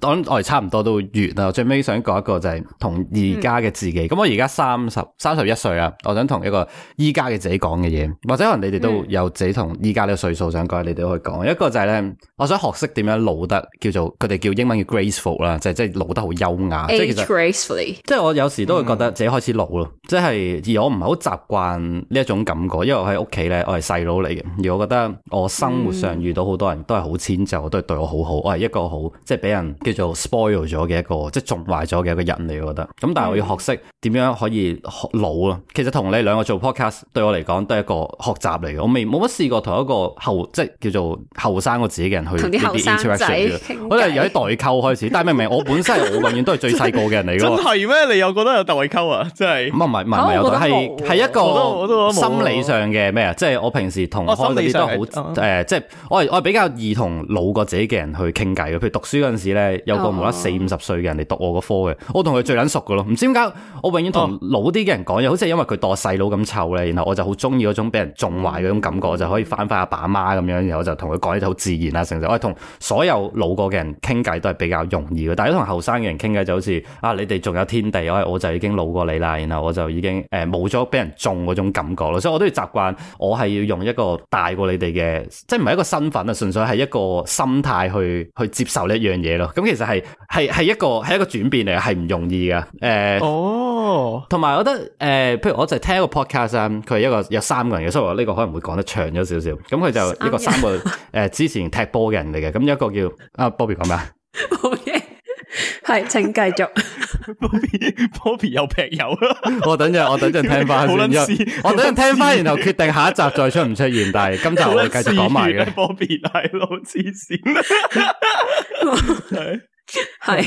[SPEAKER 3] 我哋差唔多都完啦，我最尾想講一個就係同而家嘅自己，咁、嗯嗯、我而家三十三十一歲啦，我想同一個依家嘅自己講嘅嘢，或者可能你哋都有自己同依家呢個歲數想講，你哋都可以講，嗯、一個就係、是、咧，我想學識點樣老得，叫做佢哋叫英文叫 graceful。老啦，就即係老得好優雅，Age 即係其實，Gracefully. 即係我有時都會覺得自己開始老咯，mm. 即係而我唔係好習慣呢一種感覺，因為我喺屋企咧，我係細佬嚟嘅，而我覺得我生活上遇到好多人都係好遷就，mm. 都係對我好好，我係一個好即係俾人叫做 spoil 咗嘅一個，mm. 即係縱壞咗嘅一個人嚟，我覺得。咁但係我要學識點樣可以學老咯，其實同你兩個做 podcast 對我嚟講都係一個學習嚟嘅，我未冇乜試過同一個後即係叫做後生過自己嘅人去同啲後生仔嘅 interaction，可能由啲代溝開始。 明唔明？我本身係我永遠都係最細個嘅人嚟嘅。真係咩？你又覺得有代溝啊？即係。唔係唔係唔係有代溝，係係一個心理上嘅咩啊？即係我平時同開啲都好誒、啊呃，即係我係我係比較易同老過自己嘅人去傾偈。譬如讀書嗰陣時咧，有個冇得四五十歲嘅人嚟讀我個科嘅，我同佢最撚熟嘅咯。唔知點解我永遠同老啲嘅人講嘢，好似係因為佢當細佬咁湊咧。然後我就好中意嗰種俾人縱壞嗰種感覺，嗯、就可以翻返阿爸阿媽咁樣，然後我就同佢講啲好自然啊成實。我係同所有老過嘅人傾偈都係比較融。易嘅，但係同後生嘅人傾偈就好似啊，你哋仲有天地，我就已經老過你啦，然後我就已經誒冇咗俾人縱嗰種感覺咯，所以我都要習慣我係要用一個大過你哋嘅，即係唔係一個身份啊，純粹係一個心態去去接受呢一樣嘢咯。咁其實係係係一個係一個轉變嚟嘅，係唔容易嘅。誒、呃、哦，同埋我覺得誒、呃，譬如我就聽一個 podcast 佢、啊、係一個有三個人嘅，所以我呢個可能會講得長咗少少。咁佢就一個三個誒之前踢波嘅人嚟嘅，咁一個叫阿、啊、Bobby 講咩？
[SPEAKER 4] 係，請繼續。
[SPEAKER 3] Bobby，Bobby 又劈友啦！我等陣，我等陣聽翻先。我等陣聽翻，然後決定下一集再出唔出現。但係今集我哋繼續講埋嘅。
[SPEAKER 1] Bobby 大佬黐線。
[SPEAKER 2] 係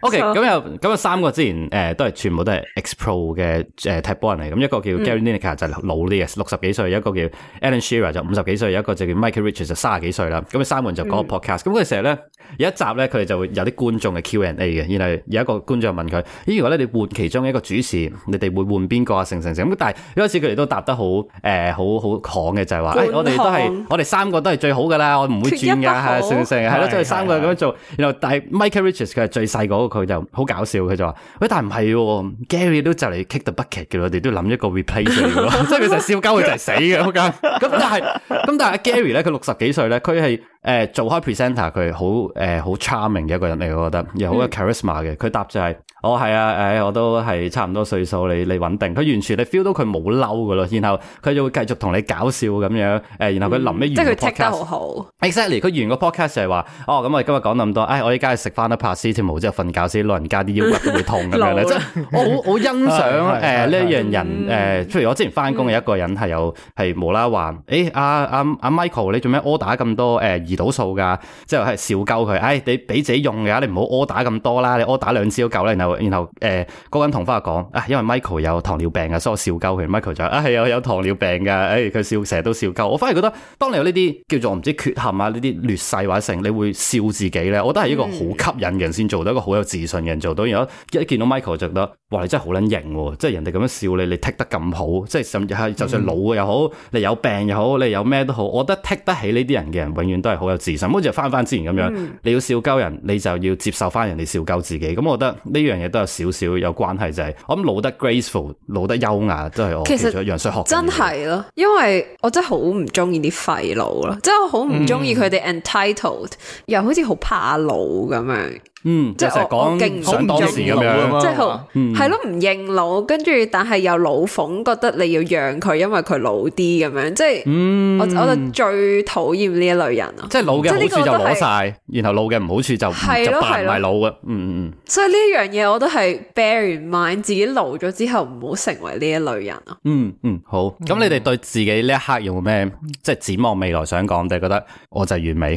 [SPEAKER 2] ，OK，咁又
[SPEAKER 3] 咁又三個之前誒，都係全部都係 X Pro 嘅誒踢波人嚟。咁一個叫 Gary Nicas 就老啲嘅，六十幾歲，一個叫 Alan Shearer 就五十幾歲，一個就叫 Mike Richards 就三十幾歲啦。咁啊，三個人就講 podcast。咁佢哋成日咧有一集咧，佢哋就會有啲觀眾嘅 Q and A 嘅，然後有一個觀眾問佢，咦，如果咧你換其中一個主持，你哋會換邊個啊？成成成咁，但係一開始佢哋都答得好誒，好好狂嘅，就係話我哋都係我哋三個都係最好噶啦，我唔會轉嘅，成成係咯，即係三個咁樣做。然後但係 Mike 佢係最細嗰個，佢就好搞笑。佢就話：喂，但係唔係 Gary 都就嚟 kick the bucket 嘅，我哋都諗一個 replacement，即係佢成笑鳩， 佢就死
[SPEAKER 2] 嘅咁。咁但
[SPEAKER 3] 係，咁但係 Gary 咧，佢六十幾歲咧，佢係誒做開 presenter，佢係好誒好、呃、charming 嘅一個人嚟，我覺得又好有 charisma 嘅。佢答就係、是。嗯我係啊，誒，我都係差唔多歲數，你你穩定，佢完全你 feel 到佢冇嬲噶咯，然後佢就會繼續同你搞笑咁樣，誒，然後佢臨尾完個 podcast，exactly，佢完個 podcast 就係話，哦，咁我哋今日講咁多，誒，我依家係食翻啲拍斯提姆之後瞓覺先，老人家啲腰骨都會痛咁樣咧，即係我好好欣賞誒呢樣人，誒，例如我之前翻工嘅一個人係有係無啦啦話，阿阿阿 Michael，你做咩 order 咁多誒胰島素㗎？即係係笑鳩佢，誒，你俾自己用嘅，你唔好 order 咁多啦，你 order 兩支都夠啦，然後。然後誒，嗰陣同花講啊，因為 Michael 有糖尿病嘅，所以我笑鳩佢。Michael 就啊係有有糖尿病噶，誒、哎、佢笑成日都笑鳩。我反而覺得，當你有呢啲叫做唔知缺陷啊，呢啲劣勢或者成，你會笑自己咧。我覺得係一個好吸引嘅人，先做到一個好有自信嘅人，做到。如果一見到 Michael 就覺得，哇你真係好撚型，即係人哋咁樣笑你，你剔得咁好，即係甚至係就算老又好，你有病又好，你有咩都好，我覺得剔得起呢啲人嘅人，永遠都係好有自信。好似翻翻之前咁樣，嗯、你要笑鳩人，你就要接受翻人哋笑鳩自己。咁我覺得呢樣。都有少少有關係，就係、是、我諗老得 graceful，老得優雅，都係我其，一其實樣衰學真
[SPEAKER 4] 係咯，因為我真係好唔中意啲廢老啦，即係、嗯、我好唔中意佢哋 entitled，又好似好怕老咁樣。嗯，即係我我成日講緊當時咁樣，即係好，係咯唔認老，跟住但係又老奉，覺得你要讓佢，因為佢老啲咁樣，即係，嗯，我我就最討厭呢一類人咯。即係老嘅好處就攞晒，
[SPEAKER 3] 然後老嘅唔好處就係咯係咯，唔係老嘅，嗯嗯嗯。
[SPEAKER 4] 所以呢樣嘢我都係 bear in mind，自己老咗之後唔好成為呢一類人咯。嗯
[SPEAKER 3] 嗯，好。咁你哋對自己呢一刻有冇咩即係展望未來想講？你哋覺得我就係完美。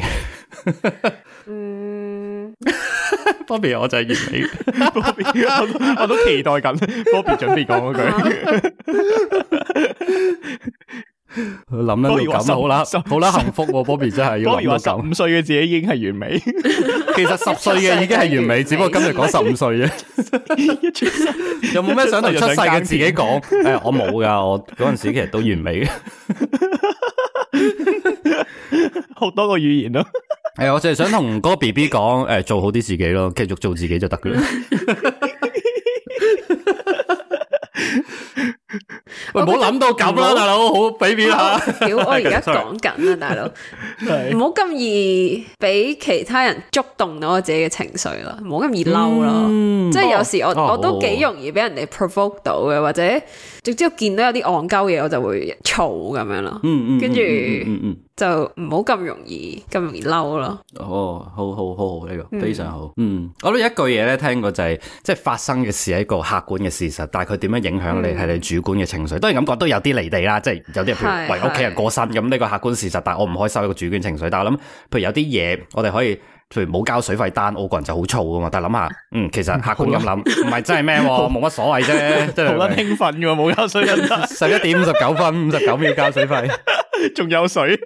[SPEAKER 3] 嗯。Bobby 我就係完美。Bobby 我都期
[SPEAKER 1] 待緊 Bobby 準備講嗰句。諗你咁好啦了，好啦，幸福，啊。Bobby 真係要諗得十五歲嘅自己已經係完美。
[SPEAKER 2] 其實十歲嘅已經係完美，只不過今日講十五歲啫。 有冇咩想同出世嘅自己講？誒、嗯，
[SPEAKER 3] 哎，我冇噶，我嗰陣時其實都完美嘅。學 多個語言咯，啊。誒，我淨係想同嗰個 B B 講，誒，做好啲自己咯，繼續做自己就得噶啦。
[SPEAKER 2] 喂，唔好諗到咁啦，大佬，好 B B 啦。屌，我而家講緊啊，大佬，唔好
[SPEAKER 4] 咁易俾其他人觸動到我自己嘅情緒啦，唔好咁易嬲啦。即係有時我我都幾容易俾人哋 provoked 到嘅，或者。總之我見到有啲戇鳩嘢，我就會嘈咁樣咯，嗯。嗯嗯，跟住就唔好咁容易咁容易嬲啦。
[SPEAKER 2] 哦，
[SPEAKER 3] 好好好好，呢個非常好。嗯，我都有一句嘢咧，聽過就係，是，即係發生嘅事係一個客觀嘅事實，但係佢點樣影響你，係，嗯、你主觀嘅情緒。當然咁講都有啲離地啦，即係有啲譬如為屋企人過身咁，呢個客觀事實，但係我唔開心一個主觀情緒。但係我諗，譬如有啲嘢，我哋可以。譬如冇交水費單，我個人就好燥噶嘛。但係諗下，嗯，其實客觀咁諗，唔係真係咩喎，冇乜所謂啫。冇得興
[SPEAKER 1] 奮㗎，冇交水費單，十一點
[SPEAKER 3] 五十九分五十九秒交水費，仲有水，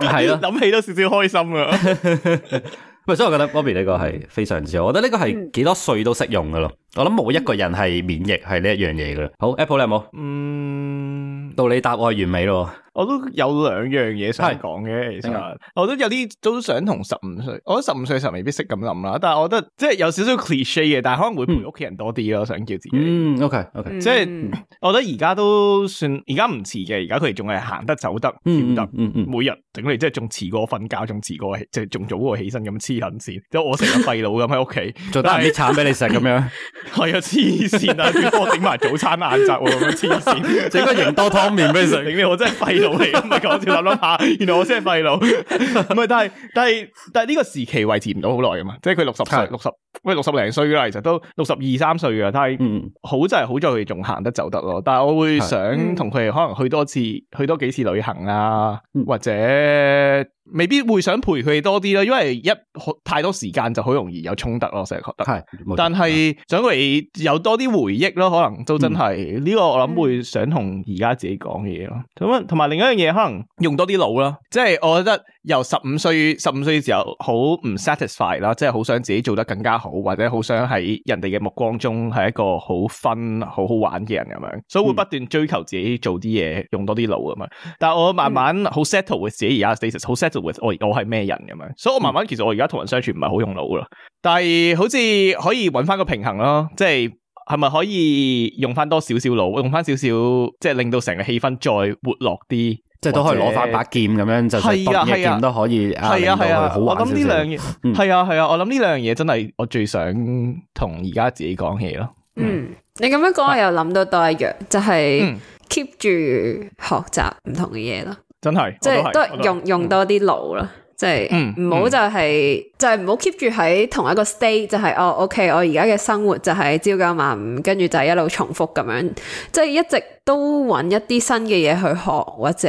[SPEAKER 3] 係咯，
[SPEAKER 1] 諗起都少少開心啊。唔
[SPEAKER 3] 係，所以我覺得 Bobby 呢個係非常之好，我覺得呢個係幾多歲都適用噶咯。我諗冇一個人係免疫係呢一樣嘢噶啦。好，Apple 你有冇？嗯，道理答案係完美咯。我都有兩樣嘢想講嘅，其實的
[SPEAKER 1] 我都有啲都想同十
[SPEAKER 3] 五歲，我十
[SPEAKER 1] 五歲時候未必識咁諗啦，但係我覺得即係有少少 cliche 嘅，但係可能會陪屋企人多啲咯，嗯、我想叫自己，o k、
[SPEAKER 3] 嗯、OK，即、
[SPEAKER 1] okay, 係、嗯嗯、我覺得而家都算，而家唔遲嘅，而家佢哋仲係行得走得跳得，嗯嗯嗯、每日整嚟即係仲遲過瞓覺，仲遲過起即係仲早過起身咁黐緊線，即係我廢 成日廢佬咁喺屋企，仲得啲慘俾你食咁樣，係啊黐線啊，邊個幫我整埋早餐晏晝喎黐線，樣 整得人多湯麵俾你食， 你我真係廢。老唔係講住諗諗下， 原來我先係廢佬。唔係，但係但係但係呢個時期維持唔到好耐噶嘛，即係佢六十， 六十，喂，六十零歲啦，其實都六十二三歲噶，但係、嗯、好就係好在佢仲行得走得咯，但係我會想同佢哋可能去多次，去多幾次旅行啊，嗯、或者。未必會想陪佢多啲咯，因為一好太多時間就好容易有衝突咯，成日覺得係。但係想嚟，有多啲回憶咯，可能都真係呢、嗯、個我諗會想同而家自己講嘅嘢咯。咁同埋另外一樣嘢，可能用多啲腦啦。即係我覺得由十五歲、十五歲嘅時候好唔 satisfy 啦，即係好想自己做得更加好，或者好想喺人哋嘅目光中係一個好 fun、好好玩嘅人咁樣，所以會不斷追求自己做啲嘢，用多啲腦啊嘛。但係我慢慢好 settle，、嗯、自己而家 status 好 settle。我我係咩人咁樣，所以我慢慢其實我而家同人相處唔係好用腦噶，但係好似可以揾翻個平衡咯，即係係咪可以用翻多少少腦，用翻少少，即係令到成個氣氛再活絡啲，即係都可以攞翻把劍咁樣，就係啊，係啊，都可以係啊，係啊，我諗呢兩，係啊，係啊，我諗呢兩樣嘢真係我最想同而家自己講嘢咯。
[SPEAKER 2] 嗯，
[SPEAKER 4] 你咁樣講我又諗到多一樣，就係 keep 住學習唔同嘅嘢咯。真係，即係都係用用多啲多啲腦啦，即係唔好就係就係唔好 keep 住喺同一個 state，就係，哦，OK，我而家嘅生活就係朝九晚五，跟住就係一路重複咁樣，即係一直都搵一啲新嘅嘢去學或者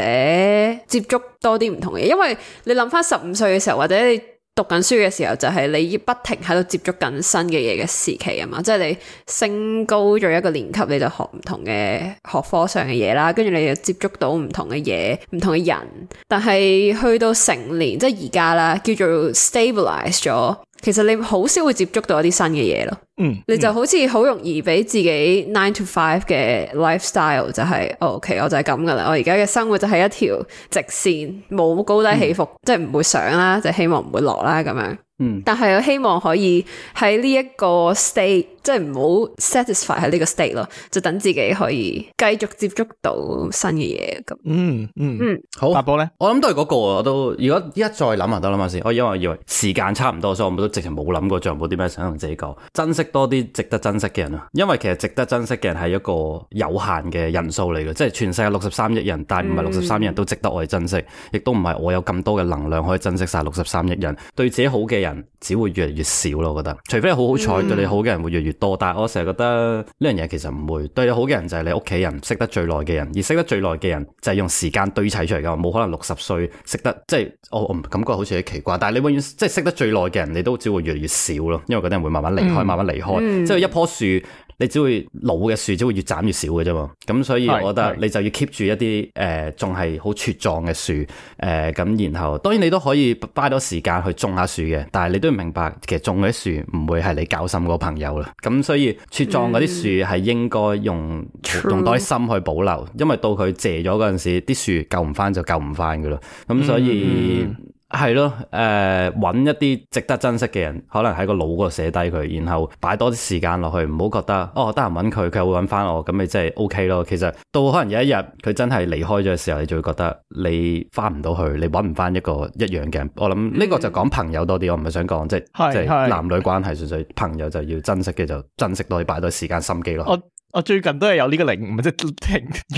[SPEAKER 4] 接觸多啲唔同嘅嘢，因為你諗翻十五歲嘅時候或者你。讀緊書嘅時候就係、是、你要不停喺度接觸緊新嘅嘢嘅時期啊嘛，即係、就是、你升高咗一個年級你就學唔同嘅學科上嘅嘢啦，跟住你就接觸到唔同嘅嘢、唔同嘅人，但係去到成年即係而家啦，叫做 stabilize 咗。其實你好少會接觸到一啲新嘅嘢咯，嗯，你就好似好容易俾自己 nine to five 嘅 lifestyle 就係、係嗯就係，OK，我就係咁噶啦，我而家嘅生活就係一條直線，冇高低起伏，即係唔會上啦，就係、希望唔會落啦咁樣，嗯，但係我希望可以喺呢一個 state 即係唔好 satisfy 喺呢個 state 咯，就等自己可以繼續接觸到新嘅嘢咁。
[SPEAKER 2] 嗯
[SPEAKER 3] 嗯嗯，好。8Ball 咧，我諗都係嗰個，我都如果一再諗下，等諗下先。我因為我以為時間差唔多，所以我都直情冇諗過仲有冇啲咩想同自己講，珍惜多啲值得珍惜嘅人啊。因為其實值得珍惜嘅人係一個有限嘅人數嚟嘅，即係全世界六十三億人，但係唔係六十三億人都值得我珍惜，亦都唔係我有咁多嘅能量可以珍惜晒六十三億人。對自己好嘅人只會越嚟越少咯。我覺得，除非好好彩，對你好嘅人會越嚟越多，但係我成日覺得呢樣嘢其實唔會對你好嘅人就係你屋企人識得最耐嘅人，而識得最耐嘅人就係用時間堆砌出嚟嘅，冇可能六十歲識得，即係我我感覺好似有啲奇怪，但係你永遠即係識得最耐嘅人，你都只會越嚟越少咯，因為嗰啲人會慢慢離開，嗯、慢慢離開，嗯、即係一棵樹。你只會老嘅樹，只會越斬越少嘅啫嘛。咁所以我覺得你就要 keep 住一啲誒，仲係好茁壯嘅樹誒。咁、呃呃、然後當然你都可以花多時間去種下樹嘅，但係你都要明白其實種嗰啲樹唔會係你交心個朋友啦。咁所以茁壯嗰啲樹係應該用、嗯、用多啲心去保留，嗯、因為到佢謝咗嗰陣時，啲樹救唔翻就救唔翻噶啦。咁所以。嗯嗯係咯，誒，呃、搵一啲值得珍惜嘅人，可能喺個腦嗰度寫低佢，然後擺多啲時間落去，唔好覺得哦，我得閒揾佢，佢又會揾翻我，咁你即係 O K 咯。其實到可能有一日佢真係離開咗嘅時候，你就會覺得你翻唔到去，你揾唔翻一個一樣嘅人。我諗呢個就講朋友多啲，嗯、我唔係想講即係男女關係，純粹朋友就要珍惜嘅就珍惜多啲，擺多點時間心機咯。
[SPEAKER 1] 我最近都係有呢個領悟，即、就、係、是、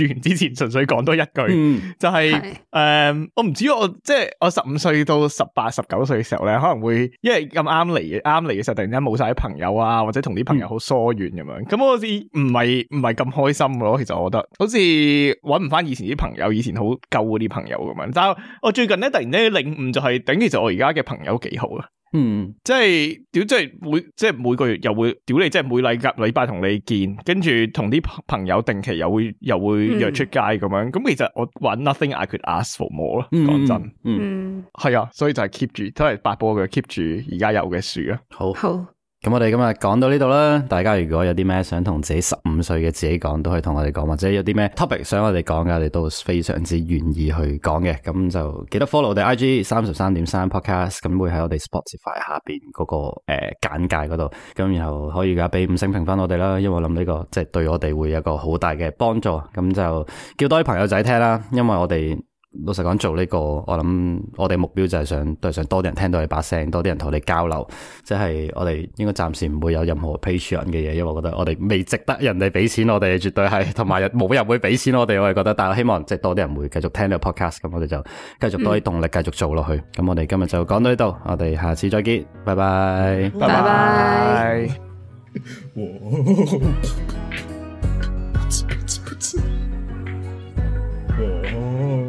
[SPEAKER 1] 停完之前，純粹講多一句，就係誒，我唔知，就是，我即係我十五歲到十八、十九歲嘅時候咧，可能會因為咁啱嚟嘅，啱嚟嘅時候突然間冇晒啲朋友啊，或者同啲朋友好疏遠咁樣，咁、嗯、好似唔係唔係咁開心咯。其實我覺得好似搵唔返以前啲朋友，以前好舊嗰啲朋友咁樣。但係我最近咧突然咧領悟，就是，就係頂，其實我而家嘅朋友幾好啊。嗯、mm hmm.，即係屌，即係每即係每個月又會屌你，即係每禮禮拜同你見，跟住同啲朋友定期又會又會約出街咁樣。咁、mm hmm. 其實我玩 Nothing I Could
[SPEAKER 3] Ask For more、mm、咯，講、hmm. 真，嗯、mm，係、hmm. 啊，所以就係 keep 住都係 8Ball 嘅 keep 住而家有嘅樹啊，好。好咁我哋今日講到呢度啦。大家如果有啲咩想同自己十五歲嘅自己講，都可以同我哋講。或者有啲咩 topic 想我哋講嘅，我哋都非常之願意去講嘅。咁就記得 follow 我哋 IG 三十三點三 podcast，咁會喺我哋 Spotify 下邊嗰、那個誒、呃、簡介嗰度。咁然後可以嘅俾五星評分我哋啦，因為我諗呢、這個即係、就是、對我哋會有一個好大嘅幫助。咁就叫多啲朋友仔聽啦，因為我哋。老實講，做呢、這個我諗，我哋目標就係想，都想多啲人聽到你把聲，多啲人同你交流，即係我哋應該暫時唔會有任何 Patreon 嘅嘢，因為我覺得我哋未值得人哋俾錢，我錢我，我哋絕對係，同埋冇人會俾錢我哋，我係覺得，但係希望即係多啲人會繼續聽呢個 podcast，咁我哋就繼續多啲動力繼續做落去。咁、嗯、我哋今日就講到呢度，我哋下次再見，拜拜，拜拜 bye。Bye bye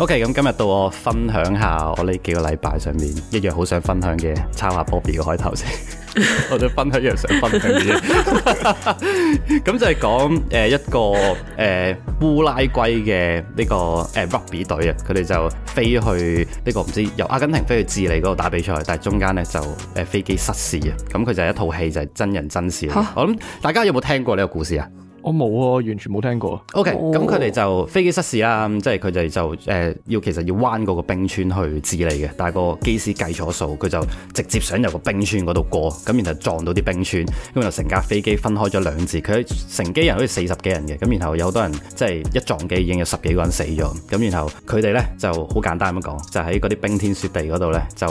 [SPEAKER 3] O K，咁今日到我分享下我呢幾個禮拜上面一樣好想分享嘅，抄下 Bobby 嘅開頭先。 我再分享一樣想分享嘅，咁 就係講誒、呃、一個誒烏、呃、拉圭嘅呢、這個誒、呃、rugby 隊啊，佢哋就飛去呢、這個唔知由阿根廷飛去智利嗰度打比賽，但係中間咧就誒飛機失事啊。咁佢就係一套戲，就係真人真事 Huh? 我諗大家有冇聽過呢個故事啊？我冇、哦、啊，完全冇聽過。O.K. 咁佢哋就飛機失事啦，即係佢哋就誒要、呃、其實要彎過個冰川去智利嘅，但係個機師計錯數，佢就直接想由個冰川嗰度過，咁然後撞到啲冰川，咁就成架飛機分開咗兩截。佢成機人好似四十幾人嘅，咁然後有好多人即係、就是、一撞機已經有十幾個人死咗，咁然後佢哋咧就好簡單咁講，就喺嗰啲冰天雪地嗰度咧，就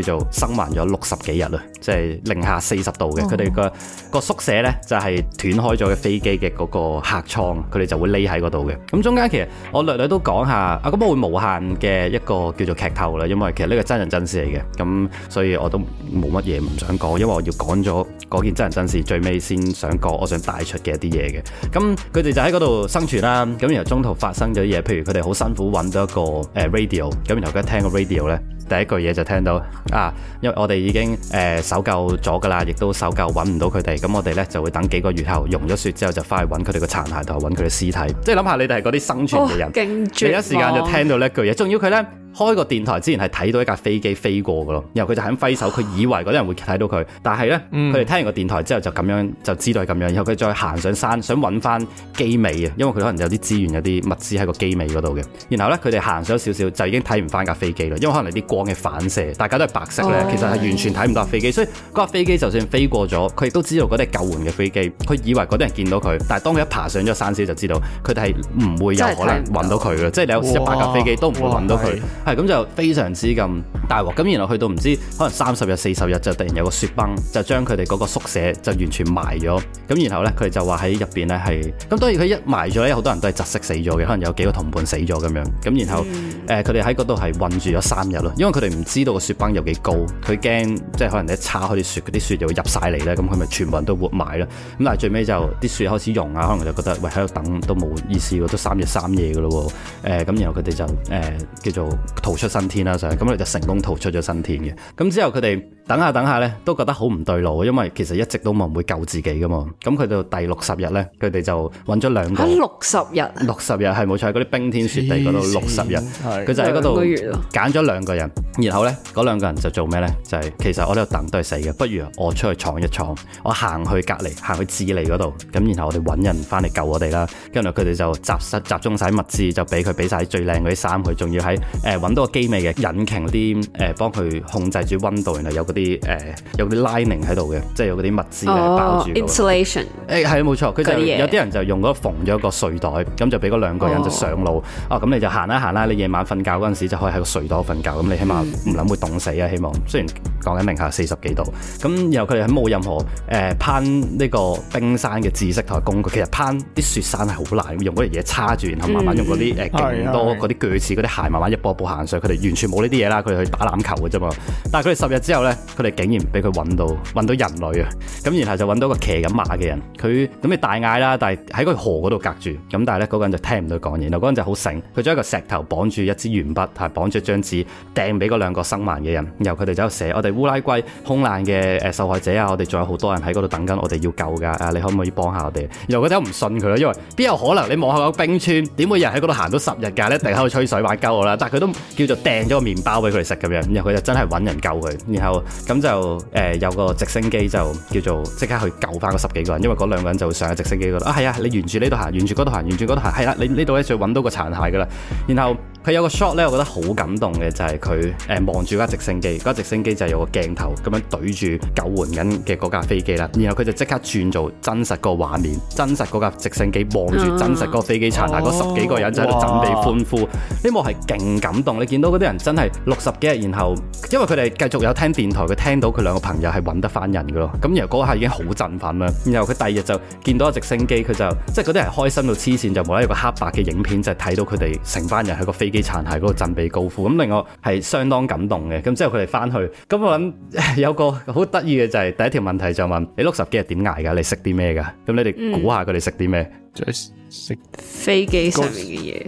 [SPEAKER 3] 叫做生還咗六十幾日啦，即、就、係、是、零下四十度嘅。佢哋、哦、個宿舍咧就係、是、斷開咗嘅飛機嘅。嗰個客艙，佢哋就會匿喺嗰度嘅。咁中間其實我略略都講下，啊，咁會無限嘅一個叫做劇透啦，因為其實呢個真人真事嚟嘅，咁所以我都冇乜嘢唔想講，因為我要講咗嗰件真人真事最尾先想講，我想帶出嘅一啲嘢嘅。咁佢哋就喺嗰度生存啦，啊，咁然後中途發生咗啲嘢，譬如佢哋好辛苦揾到一個誒 radio，咁然後佢一聽個 radio 呢。第一句嘢就聽到啊，因為我哋已經誒搜救咗㗎啦，亦都搜救揾唔到佢哋，咁我哋咧就會等幾個月後融咗雪之後就翻去揾佢哋個殘骸同埋揾佢哋屍體，即係諗下你哋係嗰啲生存嘅人，哦、
[SPEAKER 2] 第一時間就聽到
[SPEAKER 3] 呢句嘢，仲要佢咧。開個電台之前係睇到一架飛機飛過嘅咯，然後佢就喺揮手，佢以為嗰啲人會睇到佢，但係呢，佢哋、嗯、聽完個電台之後就咁樣就知道係咁樣，然後佢再行上山想揾翻機尾啊，因為佢可能有啲資源、有啲物資喺個機尾嗰度嘅。然後呢，佢哋行上少少就已經睇唔翻架飛機啦，因為可能係啲光嘅反射，大家都係白色呢。Oh、其實係完全睇唔到架飛機。所以嗰架飛機就算飛過咗，佢亦都知道嗰啲救援嘅飛機，佢以為嗰啲人見到佢，但係當佢一爬上咗山先就知道，佢哋係唔會有可能揾到佢嘅，即係你有一百架飛機都唔會揾到佢。係咁就非常之咁大鑊，咁然後去到唔知可能三十日、四十日就突然有個雪崩，就將佢哋嗰個宿舍就完全埋咗。咁然後咧，佢哋就話喺入邊咧係，咁當然佢一,一埋咗咧，好多人都係窒息死咗嘅，可能有幾個同伴死咗咁樣。咁然後誒佢哋喺嗰度係困住咗三日咯，因為佢哋唔知道個雪崩有幾高，佢驚即係可能一叉開啲雪，嗰啲雪就會入晒嚟咧，咁佢咪全部人都活埋咧。咁但係最尾就啲雪開始融啊，可能就覺得喂喺度等都冇意思喎，都三日三夜噶咯喎。誒咁然後佢哋就誒叫做。呃逃出生天啦，就係咁佢就成功逃出咗生天嘅，咁之後佢哋。等下等下咧，都覺得好唔對路，因為其實一直都冇人會救自己噶嘛。咁去到第六十日咧，佢哋就揾咗兩個。六十日。六十日，啊、係冇錯，嗰啲冰天雪地嗰度六十日，佢就喺嗰度揀咗兩個人，然後咧嗰兩個人就做咩咧？就係、是，其實我呢度等都係死嘅，不如我出去闖一闖，我行去隔離，行去智利嗰度，咁然後我哋揾人翻嚟救我哋啦。跟住佢哋就集集中晒物資，就俾佢俾晒最靚嗰啲衫，佢仲要喺誒揾到個機尾嘅引擎啲誒、呃，幫佢控制住溫度，然後有個啲誒、呃、有啲 lining 喺度嘅，即係有啲物資嚟、oh, 包住 Ins
[SPEAKER 4] ulation、欸。Insulation
[SPEAKER 3] 誒係啊，冇錯，佢就可以 有啲人就用嗰縫咗個睡袋，咁就俾嗰兩個人就上路。Oh. 哦，咁你就行啦行啦，你夜晚瞓覺嗰陣時就可以喺個睡袋瞓覺，咁你起碼唔諗會凍死啊！希望雖然講緊零下四十幾度，咁然後佢哋冇任何誒、呃、攀呢個冰山嘅知識同工具。其實攀啲雪山係好難，用嗰啲嘢叉住，然後慢慢用嗰啲誒勁多嗰啲鋸齒嗰啲鞋，鞋，慢慢一步一步行上。佢哋完全冇呢啲嘢啦，佢哋去打籃球嘅啫嘛。但係佢哋十日之後咧。佢哋竟然俾佢揾到，揾到人類啊！咁然後就揾到一個騎緊馬嘅人，佢咁咪大嗌啦！但係喺個河嗰度隔住，咁但係咧嗰人就聽唔到講嘢。然後嗰人就好醒，佢將一個石頭綁住一支鉛筆，係綁住張紙掟俾嗰兩個生還嘅人。然後佢哋喺度寫：我哋烏拉圭空難嘅受害者啊！我哋仲有好多人喺嗰度等緊，我哋要救㗎啊！你可唔可以幫下我哋？然後佢哋都唔信佢咯，因為邊有可能，你望下個冰川，點會有人喺嗰度行到十日㗎咧？一定喺度吹水玩鳩我啦！但係佢都叫做掟咗個麵包俾佢哋食咁樣。然後佢就真係揾人救佢。然後咁就、呃、有個直升機就叫做即刻去救翻嗰十幾個人，因為嗰兩個人就會上喺直升機嗰度啊！啊，你沿住呢度行，沿住嗰度行，沿住嗰度行，係啦，你呢度咧就揾到個殘骸㗎啦，然後。佢有個 shot 咧，我覺得好感動嘅就係佢誒望住架直升機，架直升機就係有個鏡頭咁樣對住救援緊嘅嗰架飛機啦。然後佢就即刻轉做真實個畫面，真實嗰架直升機望住真實嗰個飛機殘骸，嗰十幾個人就喺度準備歡呼。呢幕係勁感動，你見到嗰啲人真係六十幾日，然後因為佢哋繼續有聽電台，佢聽到佢兩個朋友係揾得翻人㗎咯。咁然後嗰下已經好振奮啦。然後佢第二日就見到架直升機，佢就即係嗰啲人開心到黐線，就冇啦啦有個黑白嘅影片就係睇到佢哋成班人喺個飛機殘骸嗰個振臂高呼，咁令我係相當感動嘅。咁之後佢哋翻去，咁我諗有個好得意嘅就係、是、第一條問題就問：你六十幾日點挨噶？你食啲咩噶？咁你哋估下佢哋食啲咩？食、嗯、
[SPEAKER 4] 飛機上面嘅嘢，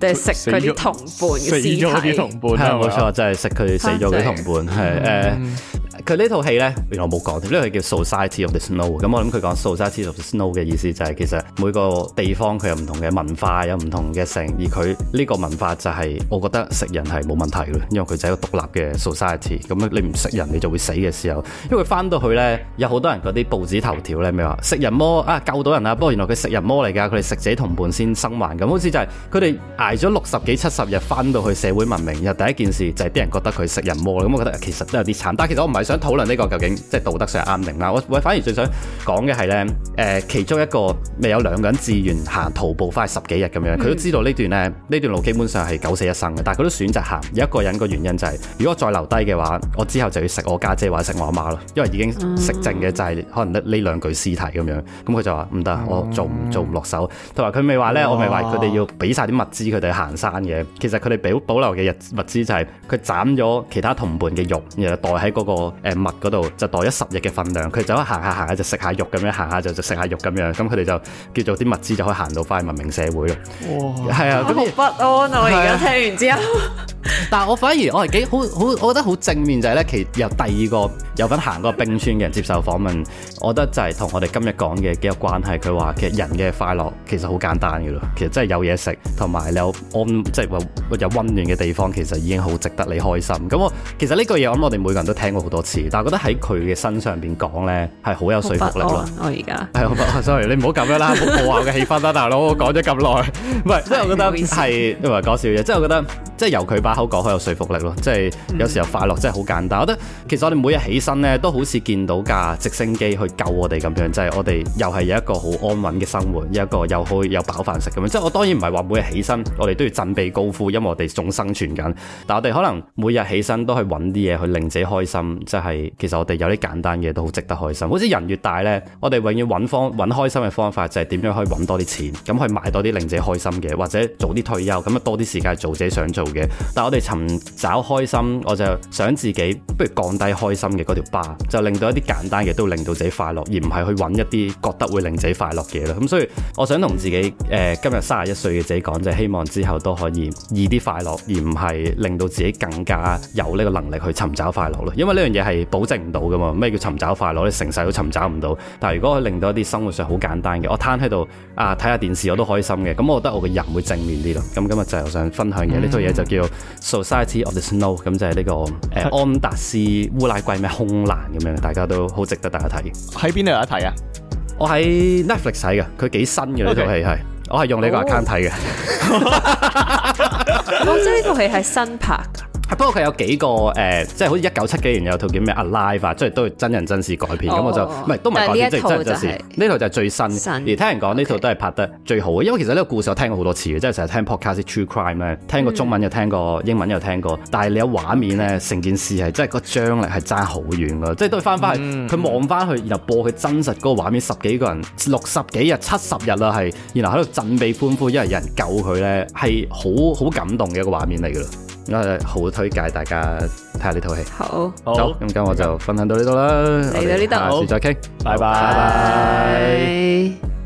[SPEAKER 4] 定係食佢啲同伴屍體？
[SPEAKER 3] 啲同伴係冇錯，真係食佢死咗嘅同伴係誒。佢呢套戲呢，原來冇講。呢套戲叫 Society of the Snow。咁我諗佢講 Society of the Snow 嘅意思就係其實每個地方佢有唔同嘅文化，有唔同嘅性。而佢呢個文化就係我覺得食人係冇問題嘅，因為佢就係一個獨立嘅 society。咁呢，你唔食人你就會死嘅時候。因為佢翻到去呢，有好多人嗰啲報紙頭條呢，咩話食人魔啊，救到人啊？不過原來佢食人魔嚟㗎，佢哋食自己同伴先生還。咁好似就係佢哋捱咗六十幾七十日翻到去社會文明，然後第一件事就係啲人覺得佢食人魔。咁我覺得其實都有啲慘。但係其實我唔係想。討論呢個究竟即係、就是、道德上啱定唔啱？我我反而最想講嘅係呢，誒、呃，其中一個未有兩個人志願行徒步翻去十幾日咁樣，佢都知道呢段呢段咧，呢、嗯、段路基本上係九死一生嘅，但係佢都選擇行。有一個人個原因就係、是，如果再留低嘅話，我之後就要食我家姐，姐或者食我阿媽咯，因為已經食剩嘅就係可能呢呢兩具屍體咁樣。咁、嗯、佢、嗯、就話唔得，我做唔、嗯、做唔落手。同埋佢咪話呢哇 我咪話佢哋要俾晒啲物資佢哋行山嘅。其實佢哋保保留嘅物資就係佢斬咗其他同伴嘅肉，然後袋喺嗰個。誒物嗰度就袋咗十日嘅份量，佢就可以行下行下就食下肉咁樣，行下就就食下肉咁樣，咁佢哋就叫做啲物資就可以行到翻去文明社會咯。
[SPEAKER 2] 哇！係啊，咁好為不
[SPEAKER 3] 安啊！我而家聽
[SPEAKER 4] 完之後，啊、
[SPEAKER 3] 但係我反而我係幾好好，我覺得好正面就係、是、咧，其實由第二個有份行過冰川嘅人接受訪問，我覺得就係同我哋今日講嘅幾有關係。佢話其實人嘅快樂其實好簡單嘅咯，其實真係有嘢食同埋你有安，即、就、係、是、有温暖嘅地方，其實已經好值得你開心。咁我其實呢句嘢我諗我哋每個人都聽過好多。但係我覺得喺佢嘅身上邊講咧係好有說服力咯。我而家係，sorry，你唔好咁樣啦，冇惡嘅氣氛啦、啊， 大佬，我講咗咁耐，唔 係是，即係 我覺得係，唔係講笑嘢，即係我覺得。即係由佢把口講，好有說服力咯。即係有時候快樂真係好簡單。我覺得其實我哋每日起身咧，都好似見到架直升機去救我哋咁樣，即係我哋又係有一個好安穩嘅生活，有一個又可以又飽飯食咁樣。即係我當然唔係話每日起身，我哋都要振臂高呼，因為我哋仲生存緊。但我哋可能每日起身都去揾啲嘢去令自己開心。即係其實我哋有啲簡單嘢都好值得開心。好似人越大呢，我哋永遠揾方揾開心嘅方法就係點樣可以揾多啲錢，咁去買多啲令自己開心嘅，或者早啲退休，咁啊多啲時間做自己想做嘅，但我哋尋找開心，我就想自己不如降低開心嘅嗰條疤，就令到一啲簡單嘅都令到自己快樂，而唔係去揾一啲覺得會令自己快樂嘅嘢啦。咁所以我想同自己誒、呃、今日三十一歲嘅自己講，就係、是、希望之後都可以易啲快樂，而唔係令到自己更加有呢個能力去尋找快樂咯。因為呢樣嘢係保證唔到噶嘛。咩叫尋找快樂，你成世都尋找唔到。但係如果令到一啲生活上好簡單嘅，我攤喺度啊睇下電視我都開心嘅，咁我覺得我個人會正面啲咯。咁今日就係我想分享嘅呢套嘢。Hmm. 就叫 Society of the Snow，咁就係呢、呢個誒安的、嗯嗯、達斯烏拉圭咩空難咁樣，大家都好值得大家睇。喺
[SPEAKER 1] 邊度有得睇啊 Okay.？
[SPEAKER 3] 我喺 Netflix 睇嘅，佢幾新嘅呢套戲係，我係用呢個 account 睇嘅。
[SPEAKER 4] 我知呢套戲係新拍。
[SPEAKER 3] 不過佢有幾個誒、呃，即係好似一九七幾年有套叫咩《Alive、啊》，即係都係真人真事改編，咁、oh、我就唔係都唔係改編，即係真真事。呢套就係、是就是、最新，新而聽人講呢 okay. 套都係拍得最好嘅，因為其實呢個故事我聽過好多次嘅，即係成日聽 podcast《True Crime》咧，聽過中文又聽過、嗯、英文又聽過，但係你有畫面咧，成件事係真係個張力係爭好遠噶，即係都翻翻去佢望翻去，然後播佢真實嗰個畫面，十幾個人、六十幾日、七十日啦，係然後喺度振臂歡呼，因為有人救佢咧，係好好感動嘅一個畫面嚟噶。好推介大家睇下呢套戲，好，好，咁好今日我就分享到呢度啦，嚟到呢度，下次再傾，拜拜，拜拜。